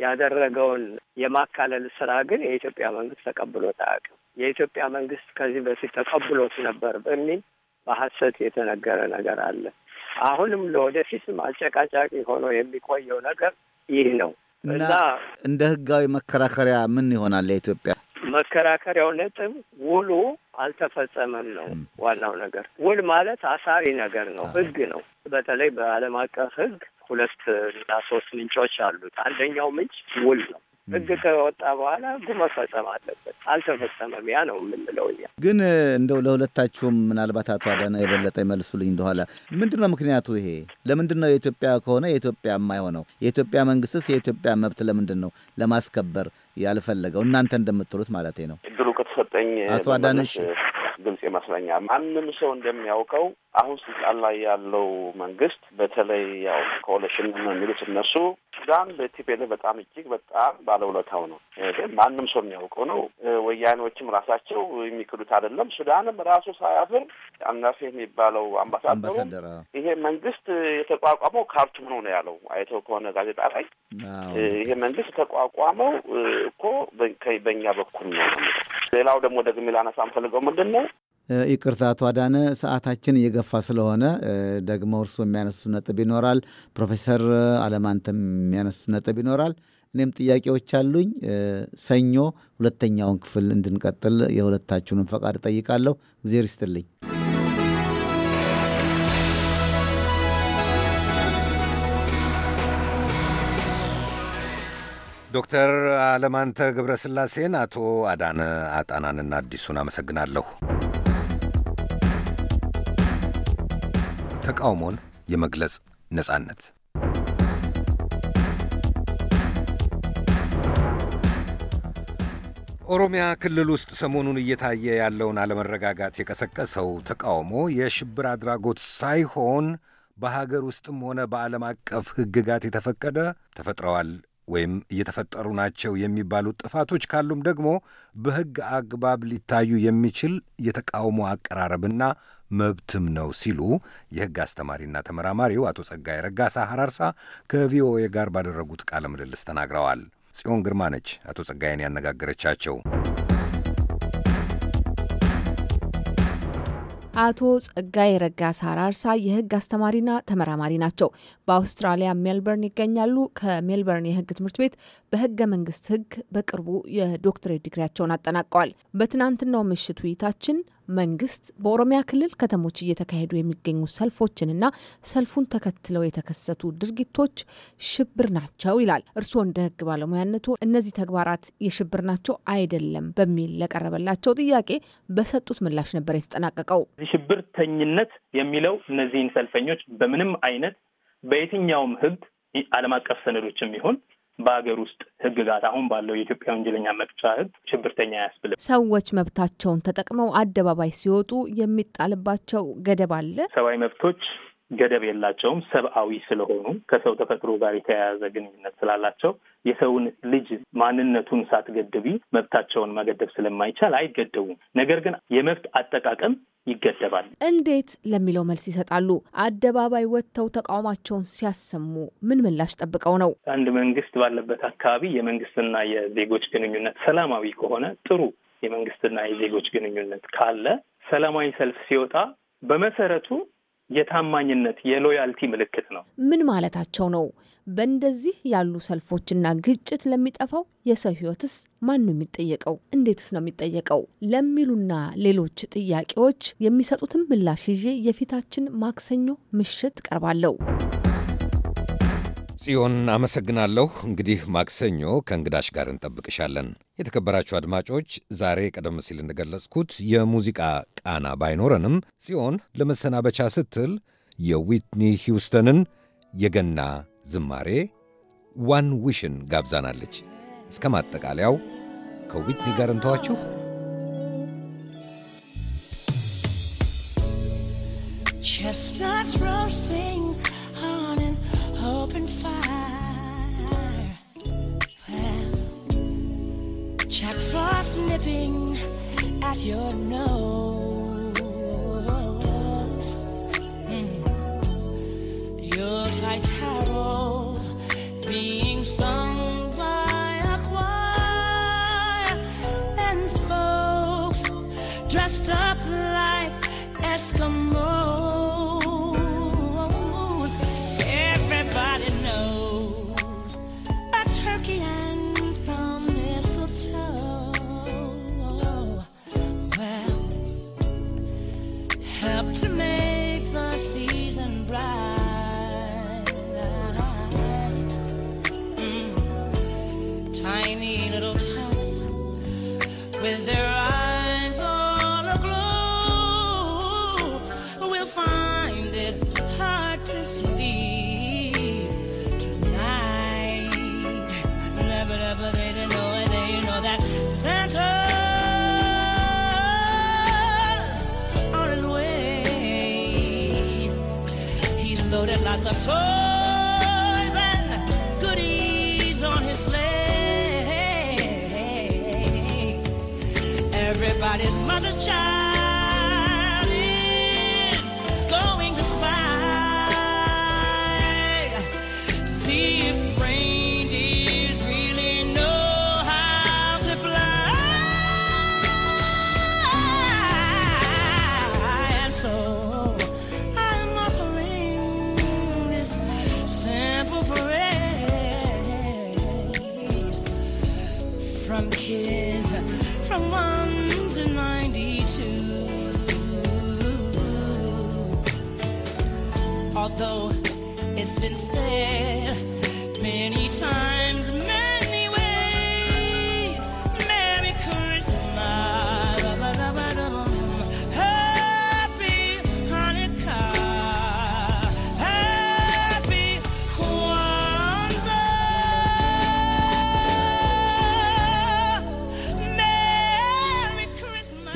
ያደረገውን የማካለል ስራ ግን የኢትዮጵያ መንግስት ተቀብሎት አያውቅም። የኢትዮጵያ መንግስት ከዚህ በፊት ተቀብሎት ነበር በሚል በሀሰት የተነገረ ነገር አለ። አሁንም ለወደፊትም አጨቃጫቂ ሆኖ የሚቆየው ነገር ይህ ነው እና እንደ ህጋዊ መከራከሪያ ምን ይሆናል ለኢትዮጵያ መከራከሪያው ነጥብ ውሉ አልተፈጸመም ነው ዋናው ነገር። ውል ማለት አሳሪ ነገር ነው፣ ህግ ነው። በተለይ በዓለም አቀፍ ህግ ሁለት እና ሶስት ምንጮች አሉት። አንደኛው ምንጭ ውል ነው። ህግ ከወጣ በኋላ ህጉ መፈጸም አለበት። አልተፈጸመም። ያ ነው የምንለው እኛ። ግን እንደው ለሁለታችሁም ምናልባት አቶ አዳና የበለጠ ይመልሱልኝ እንደኋላ ምንድን ነው ምክንያቱ? ይሄ ለምንድን ነው የኢትዮጵያ ከሆነ የኢትዮጵያ የማይሆነው? የኢትዮጵያ መንግስትስ የኢትዮጵያ መብት ለምንድን ነው ለማስከበር ያልፈለገው እናንተ እንደምትሉት ማለት ነው። እድሉ ከተሰጠኝ አቶ አዳነሽ ግልጽ ይመስለኛል። ማንም ሰው እንደሚያውቀው አሁን ስልጣን ላይ ያለው መንግስት በተለይ ያው ኮሌሽን የሚሉት እነሱ ሱዳን ለቲፒኤልኤፍ በጣም እጅግ በጣም ባለውለታው ነው። ግን ማንም ሰው የሚያውቀው ነው። ወያኔዎችም ራሳቸው የሚክዱት አይደለም። ሱዳንም ራሱ ሳያፍር አናፊ የሚባለው አምባሳደሩ ይሄ መንግስት የተቋቋመው ካርቱም ነው ነው ያለው። አይተው ከሆነ ጋዜጣ ላይ ይሄ መንግስት የተቋቋመው እኮ በእኛ በኩል ነው። ሌላው ደግሞ ደግሞ ላነሳ የምፈልገው ምንድን ነው ይቅርታ አቶ አዳነ፣ ሰዓታችን እየገፋ ስለሆነ ደግሞ እርሱ የሚያነሱ ነጥብ ይኖራል፣ ፕሮፌሰር አለማንተም የሚያነሱ ነጥብ ይኖራል፣ እኔም ጥያቄዎች አሉኝ። ሰኞ ሁለተኛውን ክፍል እንድንቀጥል የሁለታችሁንም ፈቃድ ጠይቃለሁ። እግዜር ይስጥልኝ። ዶክተር አለማንተ ገብረስላሴን አቶ አዳነ አጣናንና አዲሱን አመሰግናለሁ። ተቃውሞን የመግለጽ ነጻነት ኦሮሚያ ክልል ውስጥ ሰሞኑን እየታየ ያለውን አለመረጋጋት የቀሰቀሰው ተቃውሞ የሽብር አድራጎት ሳይሆን በሀገር ውስጥም ሆነ በዓለም አቀፍ ሕግጋት የተፈቀደ ተፈጥረዋል ወይም እየተፈጠሩ ናቸው የሚባሉ ጥፋቶች ካሉም ደግሞ በሕግ አግባብ ሊታዩ የሚችል የተቃውሞ አቀራረብና መብትም ነው ሲሉ የሕግ አስተማሪና ተመራማሪው አቶ ጸጋይ ረጋሳ ሐራርሳ ከቪኦኤ ጋር ባደረጉት ቃለ ምልልስ ተናግረዋል። ጽዮን ግርማ ነች አቶ ጸጋይን ያነጋገረቻቸው። አቶ ጸጋይ ረጋሳ ራርሳ የህግ አስተማሪና ተመራማሪ ናቸው። በአውስትራሊያ ሜልበርን ይገኛሉ። ከሜልበርን የህግ ትምህርት ቤት በህገ መንግስት ህግ በቅርቡ የዶክትሬት ዲግሪያቸውን አጠናቀዋል። በትናንትናው ምሽት ውይይታችን መንግስት በኦሮሚያ ክልል ከተሞች እየተካሄዱ የሚገኙ ሰልፎችንና ሰልፉን ተከትለው የተከሰቱ ድርጊቶች ሽብር ናቸው ይላል። እርስዎ እንደ ህግ ባለሙያነቱ እነዚህ ተግባራት የሽብር ናቸው አይደለም በሚል ለቀረበላቸው ጥያቄ በሰጡት ምላሽ ነበር የተጠናቀቀው። ሽብርተኝነት የሚለው እነዚህን ሰልፈኞች በምንም አይነት በየትኛውም ህግ ዓለም አቀፍ ሰነዶችም ይሁን በሀገር ውስጥ ህግጋት አሁን ባለው የኢትዮጵያ ወንጀለኛ መቅጫ ህግ ሽብርተኛ አያስብልም። ሰዎች መብታቸውን ተጠቅመው አደባባይ ሲወጡ የሚጣልባቸው ገደብ አለ። ሰብአዊ መብቶች ገደብ የላቸውም። ሰብአዊ ስለሆኑ ከሰው ተፈጥሮ ጋር የተያያዘ ግንኙነት ስላላቸው የሰውን ልጅ ማንነቱን ሳትገድቢ መብታቸውን መገደብ ስለማይቻል አይገደቡም። ነገር ግን የመብት አጠቃቀም ይገደባል። እንዴት ለሚለው መልስ ይሰጣሉ። አደባባይ ወጥተው ተቃውሟቸውን ሲያሰሙ ምን ምላሽ ጠብቀው ነው? አንድ መንግስት ባለበት አካባቢ የመንግስትና የዜጎች ግንኙነት ሰላማዊ ከሆነ ጥሩ የመንግስትና የዜጎች ግንኙነት ካለ ሰላማዊ ሰልፍ ሲወጣ በመሰረቱ የታማኝነት የሎያልቲ ምልክት ነው። ምን ማለታቸው ነው? በእንደዚህ ያሉ ሰልፎችና ግጭት ለሚጠፋው የሰው ሕይወትስ ማን ነው የሚጠየቀው? እንዴትስ ነው የሚጠየቀው? ለሚሉና ሌሎች ጥያቄዎች የሚሰጡትን ምላሽ ይዤ የፊታችን ማክሰኞ ምሽት ቀርባለሁ። ጽዮን አመሰግናለሁ። እንግዲህ ማክሰኞ ከእንግዳሽ ጋር እንጠብቅሻለን። የተከበራችሁ አድማጮች፣ ዛሬ ቀደም ሲል እንደገለጽኩት የሙዚቃ ቃና ባይኖረንም ጽዮን ለመሰናበቻ ስትል የዊትኒ ሂውስተንን የገና ዝማሬ ዋን ዊሽን ጋብዛናለች። እስከ ማጠቃለያው ከዊትኒ ጋር እንተዋችሁ። Chestnuts roasting open fire. Well, Jack Frost nipping at your nose. Mm. Yuletide carols being sung by a choir, and folks dressed up like Eskimos. soul.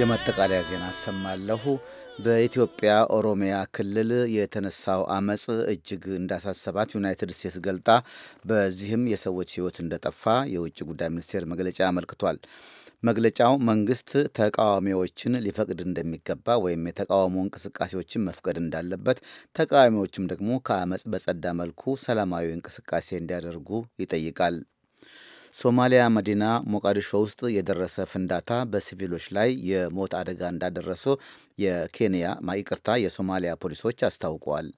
የማጠቃለያ ዜና አሰማለሁ። በኢትዮጵያ ኦሮሚያ ክልል የተነሳው አመፅ እጅግ እንዳሳሰባት ዩናይትድ ስቴትስ ገልጣ በዚህም የሰዎች ሕይወት እንደጠፋ የውጭ ጉዳይ ሚኒስቴር መግለጫ አመልክቷል። መግለጫው መንግስት ተቃዋሚዎችን ሊፈቅድ እንደሚገባ ወይም የተቃውሞ እንቅስቃሴዎችን መፍቀድ እንዳለበት፣ ተቃዋሚዎችም ደግሞ ከአመፅ በጸዳ መልኩ ሰላማዊ እንቅስቃሴ እንዲያደርጉ ይጠይቃል። ሶማሊያ መዲና ሞቃዲሾ ውስጥ የደረሰ ፍንዳታ በሲቪሎች ላይ የሞት አደጋ እንዳደረሰ የኬንያ ማይቅርታ የሶማሊያ ፖሊሶች አስታውቀዋል።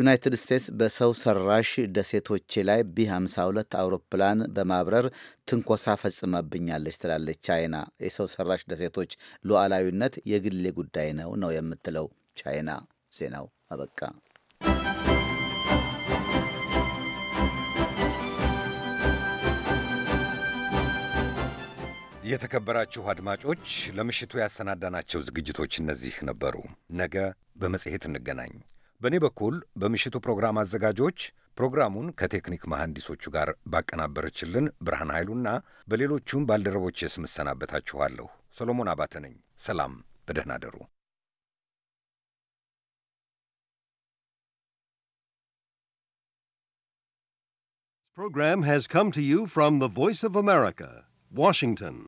ዩናይትድ ስቴትስ በሰው ሰራሽ ደሴቶች ላይ ቢ52 አውሮፕላን በማብረር ትንኮሳ ፈጽመብኛለች ትላለች ቻይና። የሰው ሰራሽ ደሴቶች ሉዓላዊነት የግሌ ጉዳይ ነው ነው የምትለው ቻይና። ዜናው አበቃ። የተከበራችሁ አድማጮች ለምሽቱ ያሰናዳናቸው ዝግጅቶች እነዚህ ነበሩ። ነገ በመጽሔት እንገናኝ። በእኔ በኩል በምሽቱ ፕሮግራም አዘጋጆች ፕሮግራሙን ከቴክኒክ መሐንዲሶቹ ጋር ባቀናበረችልን ብርሃን ኃይሉና በሌሎቹም ባልደረቦች ስም እሰናበታችኋለሁ። ሰሎሞን አባተ ነኝ። ሰላም፣ በደህና አደሩ። Program has come to you from the Voice of America, Washington.